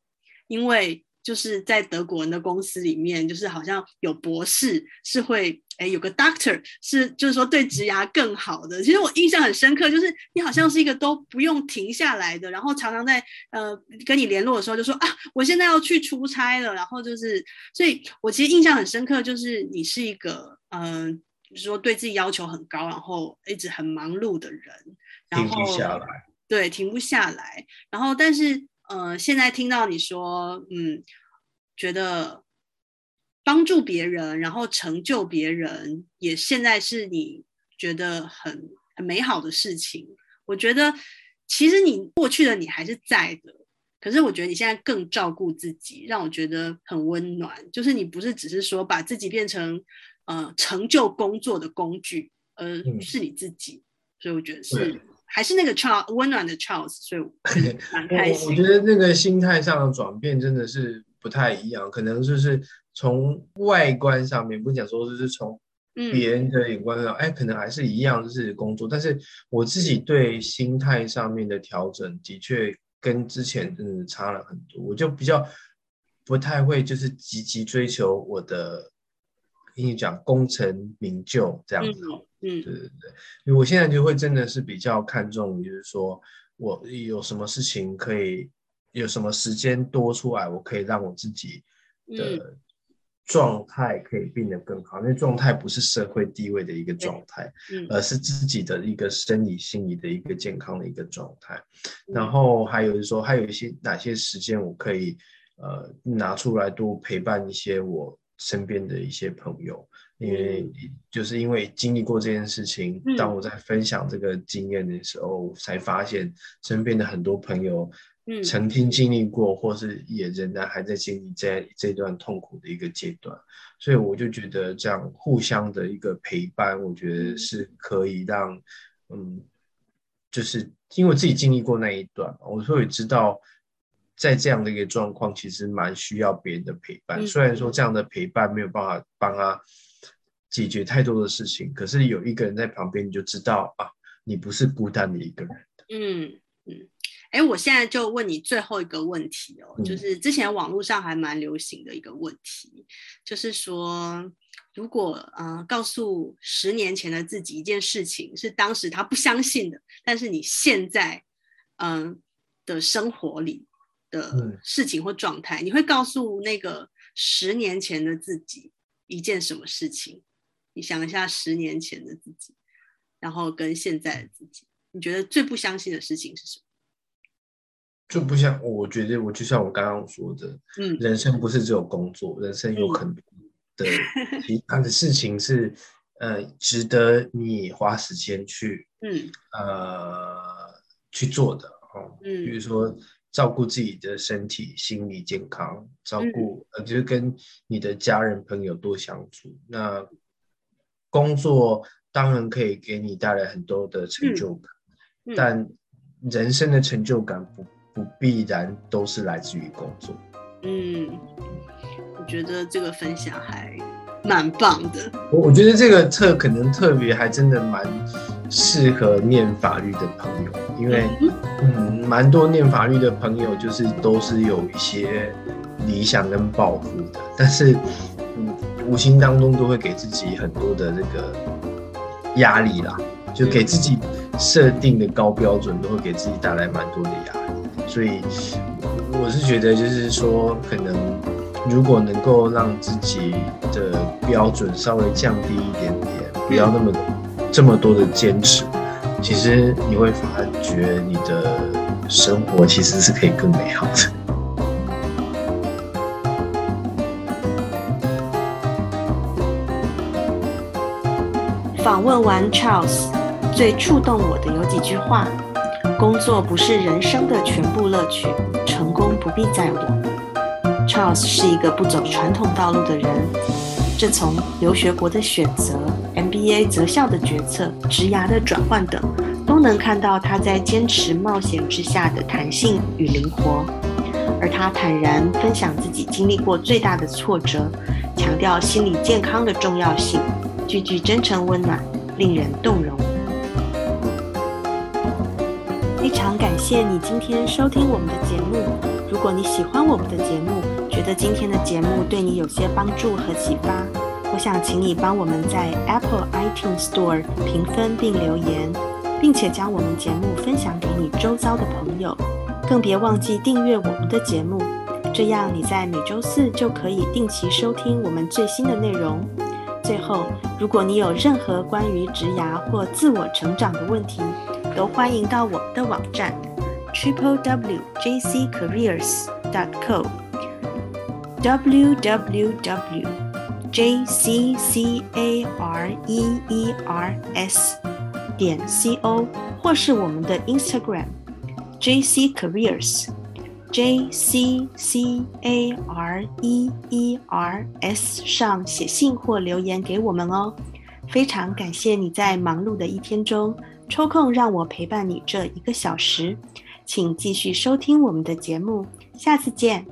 A: 因為。就是在德國人的公司裡面，就是好像有博士是會哎、欸，有個 doctor 是就是說對職涯更好的。其實我印象很深刻，就是你好像是一個都不用停下來的，然後常常在呃跟你聯絡的時候就說啊，我現在要去出差了，然後就是，所以我其實印象很深刻，就是你是一個嗯，呃、就是說對自己要求很高，然後一直很忙碌的人，然後停不下來，對，停不下來，然後但是。嗯，呃，現在聽到你說，嗯，覺得幫助別人，然後成就別人，也現在是你覺得很很美好的事情。我覺得其實你過去的你還是在的，可是我覺得你現在更照顧自己，讓我覺得很溫暖。就是你不是只是說把自己變成，呃，成就工作的工具，而是你自己。嗯，所以我覺得是。嗯還是那個 Charles 溫暖的 Charles，所以
B: 很開心 *laughs* 我。我覺得那個心態上的轉變真的是不太一樣。可能就是從外觀上面不講說，就是從別人的眼光上，嗯、哎，可能還是一樣就是工作。但是我自己對心態上面的調整，的確跟之前真的差了很多。我就比較不太會，就是積極追求我的。跟你講，功成名就這樣子，嗯，嗯對對對，我現在就會真的是比較看重，就是說我有什麼事情可以，有什麼時間多出來，我可以讓我自己的狀態可以變得更好。那、嗯、狀態不是社會地位的一個狀態，嗯、而是自己的一個生理、心理的一個健康的一個狀態。嗯、然後還有就是說，還有一些哪些時間我可以呃拿出來多陪伴一些我。身邊的一些朋友，因為就是因為經歷過這件事情，當我在分享這個經驗的時候，嗯，我才發現身邊的很多朋友，曾經經歷過，嗯，或是也仍然還在經歷這這段痛苦的一個階段，所以我就覺得這樣互相的一個陪伴，我覺得是可以讓，嗯，就是因為我自己經歷過那一段，我會知道。在這樣的一個狀況，其實蠻需要別人的陪伴。嗯、雖然說這樣的陪伴沒有辦法幫他解決太多的事情，可是有一個人在旁邊，你就知道啊，你不是孤單的一個人嗯。嗯嗯，哎、
A: 欸，我現在就問你最後一個問題哦，就是之前網絡上還蠻流行的一個問題，嗯、就是說，如果嗯、呃、告訴十年前的自己一件事情，是當時他不相信的，但是你現在嗯、呃、的生活裡。的事情或狀態，嗯、你會告訴那個十年前的自己一件什麼事情？你想一下十年前的自己，然後跟現在的自己，你覺得最不相信的事情是什麼？
B: 最不相，我覺得我就像我剛剛說的，嗯，人生不是只有工作，人生有可能的其他的事情是， *laughs* 呃、值得你花時間去，嗯，呃，去做的、哦嗯、比如說。照顧自己的身體、心理健康，照顧就是跟你的家人朋友多相處。嗯、那工作當然可以給你帶來很多的成就感，嗯
C: 嗯、但
B: 人生的成就感不，不必然都是來自於工作。嗯，我覺得
A: 這個分享還蠻棒的。
B: 我我覺得這個特可能特別還真的蠻。適合唸法律的朋友，因為嗯，蠻多唸法律的朋友就是都是有一些理想跟抱負的，但是嗯，無形當中都會給自己很多的這個壓力啦，就給自己設定的高標準都會給自己帶來蠻多的壓力，所以我是覺得就是說，可能如果能夠讓自己的標準稍微降低一點點，不要那麼。這麼多的堅持，其實你會發覺你的生活其實是可以更美好的。
A: 訪問完 Charles，最觸動我的有幾句話：工作不是人生的全部樂趣，成功不必在我。Charles 是一個不走傳統道路的人，這從留學國的選擇。MBA 擇校的決策、職涯的轉換等，都能看到他在堅持冒險之下的彈性與靈活。而他坦然分享自己經歷過最大的挫折，強調心理健康的重要性，句句真誠溫暖，令人動容。非常感謝你今天收聽我們的節目。如果你喜歡我們的節目，覺得今天的節目對你有些幫助和啟發。我想請你幫我們在 Apple iTunes Store 評分並留言，並且將我們節目分享給你周遭的朋友，更別忘記訂閱我們的節目，這樣你在每周四就可以定期收聽我們最新的內容。最後，如果你有任何關於職涯或自我成長的問題，都歡迎到我們的網站 triple w jccareers.co w w w j c c a r e e r s 點 c o 或是我們的 Instagram j c careers j c c a r e e r s 上寫信或留言給我們哦，非常感謝你在忙碌的一天中抽空讓我陪伴你這一個小時，請繼續收聽我們的節目，下次見。